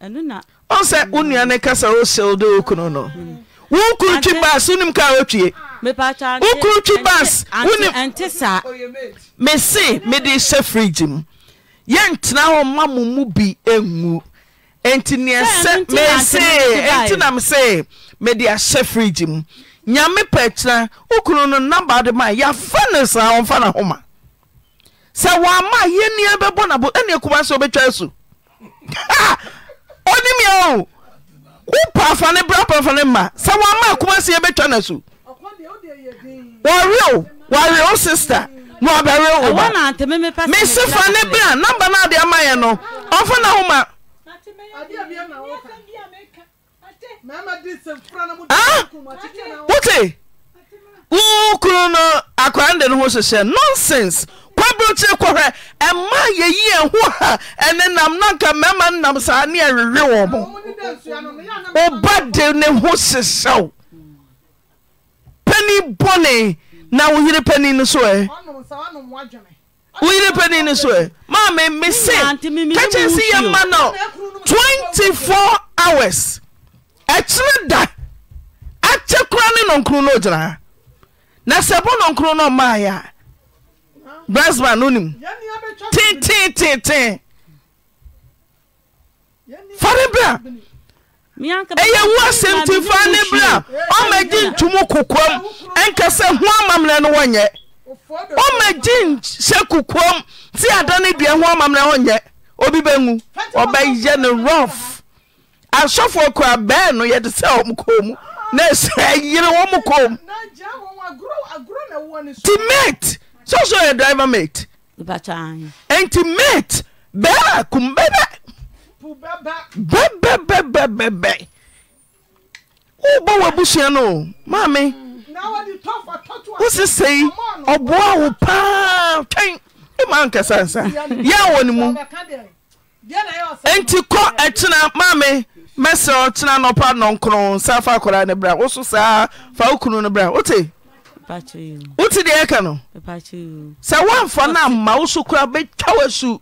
ɔn sɛ wo nua ne kasa wohyɛ wode wokunu no mm. wo kuru twi bas wonim ka wotwie wo kuru twi bas oh, mese mede hyɛ frigyi m yɛntena hɔ ma mo mu bi ngu enti neɛ sɛ Mese ɛnti nam sɛ mede ahyɛ frigyi m nyame pɛ kyena wo kunu no namba nabade ma a yɛafa no saa ɔmfa na homa sɛ wɔama yɛnnia bɛbɔ nabo ɛne kuma sɛ wobɛtwa asu [laughs] ɔnimia o wopa afa ne bra pafa ne ma sɛ wama akoma se yɛbɛtwa no so wɔwerɛo wɔawerɛ wo sister na wɔabɛwerɛ wo mese fa ne bra namba no ade ama yɛ no ɔmfa na homa ah! wote wo kunu no akwara nde no ho hyehyɛ nonsense kabirɛkyiɛ kɔrɛ ɛmaa yeyiɛn ho ha ɛne nam nanka mama n nam saa ne were wɔ mɔ woba de ne ho sesɛw pani bɔne na woyere pnin woire pani n so ɛ maa me me se ka kyensi yɛ ma no 24 hours ɛkyerɛ da akyɛ kora ne nnɔnkru no ɔgyinaa na sɛ bɔ nnɔnkru no ɔmaaeɛ a brasba no nim tenteteten fane bra ɛyɛ wu asɛm ti fa ne bra ɔmagye ntomo kokoam ɛnkɛ sɛ ho amammerɛ no wɔnyɛ ɔmagye nhyɛ kokoam ti ada ne dua ho amammerɛ wɔnyɛ obi bɛwu ɔbɛyɛ ne rof asɔfoɔ kora bɛɛ no yɛde sɛ ɔm kɔɔ mu na ɛsɛ yere wɔ m kɔɔ mu timate So so yɛ driver mate ɛnti mate bɛɛ kumbɛbɛ bɛbɛbɛbɛbɛ wobɔ w'abusua no maame wosi sɛi ɔboa wo paa twɛn ma nkasa nsa yɛ wɔ ne mu ɛnti kɔ ɛkyena maame mɛsɛ ɔkyena nɔpa nɔnkron sa fa akɔraa ne bra wo so saa fa wo kunu no bra wote wote deɛ ɛka no sɛ woamfa no ama wo sokora bɛtwawa su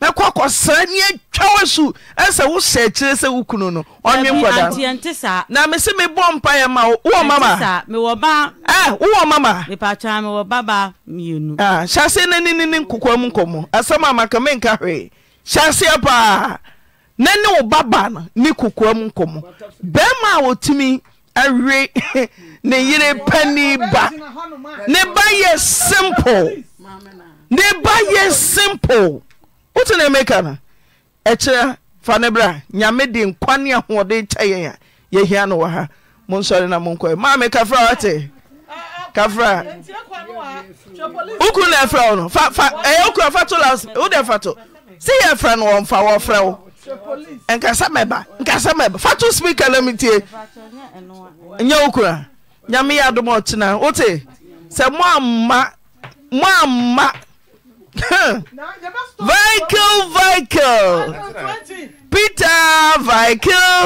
mɛkɔkɔ sra neɛ twawa su ɛ sɛ wo sɛ kyerɛ sɛ wo kunu no ɔenkɔdao na mese mebɔ mpaɛ maowɔ ma ba hyɛ seɛ no nene ne nkokoa mu kɔmmu asɛmamaka mekae hyɛ seɛ paa nene wo ba ba no ne kokoa mu nkɔmm bmaaotum awe [laughs] ne yere pani ba ne ba yɛ simple ne ba yɛ simple wotu na emeka na ɛkyerɛ fanebra nyame de nkwa ne ahoɔden kyɛ yɛn a yɛhia no wɔ ha mo nsɔre na mo nkɔ yɛ maame kafra wate kafra ukuru na ɛfrɛ wo no fa fa ɛyɛ okura fa to la wo de fa to si yɛ fɛ no wɔn fa wɔfrɛ wo. inkasa meba ikasa meba fa to speakanemitie ya wokura yame ya domotina ote se mm moamakll rl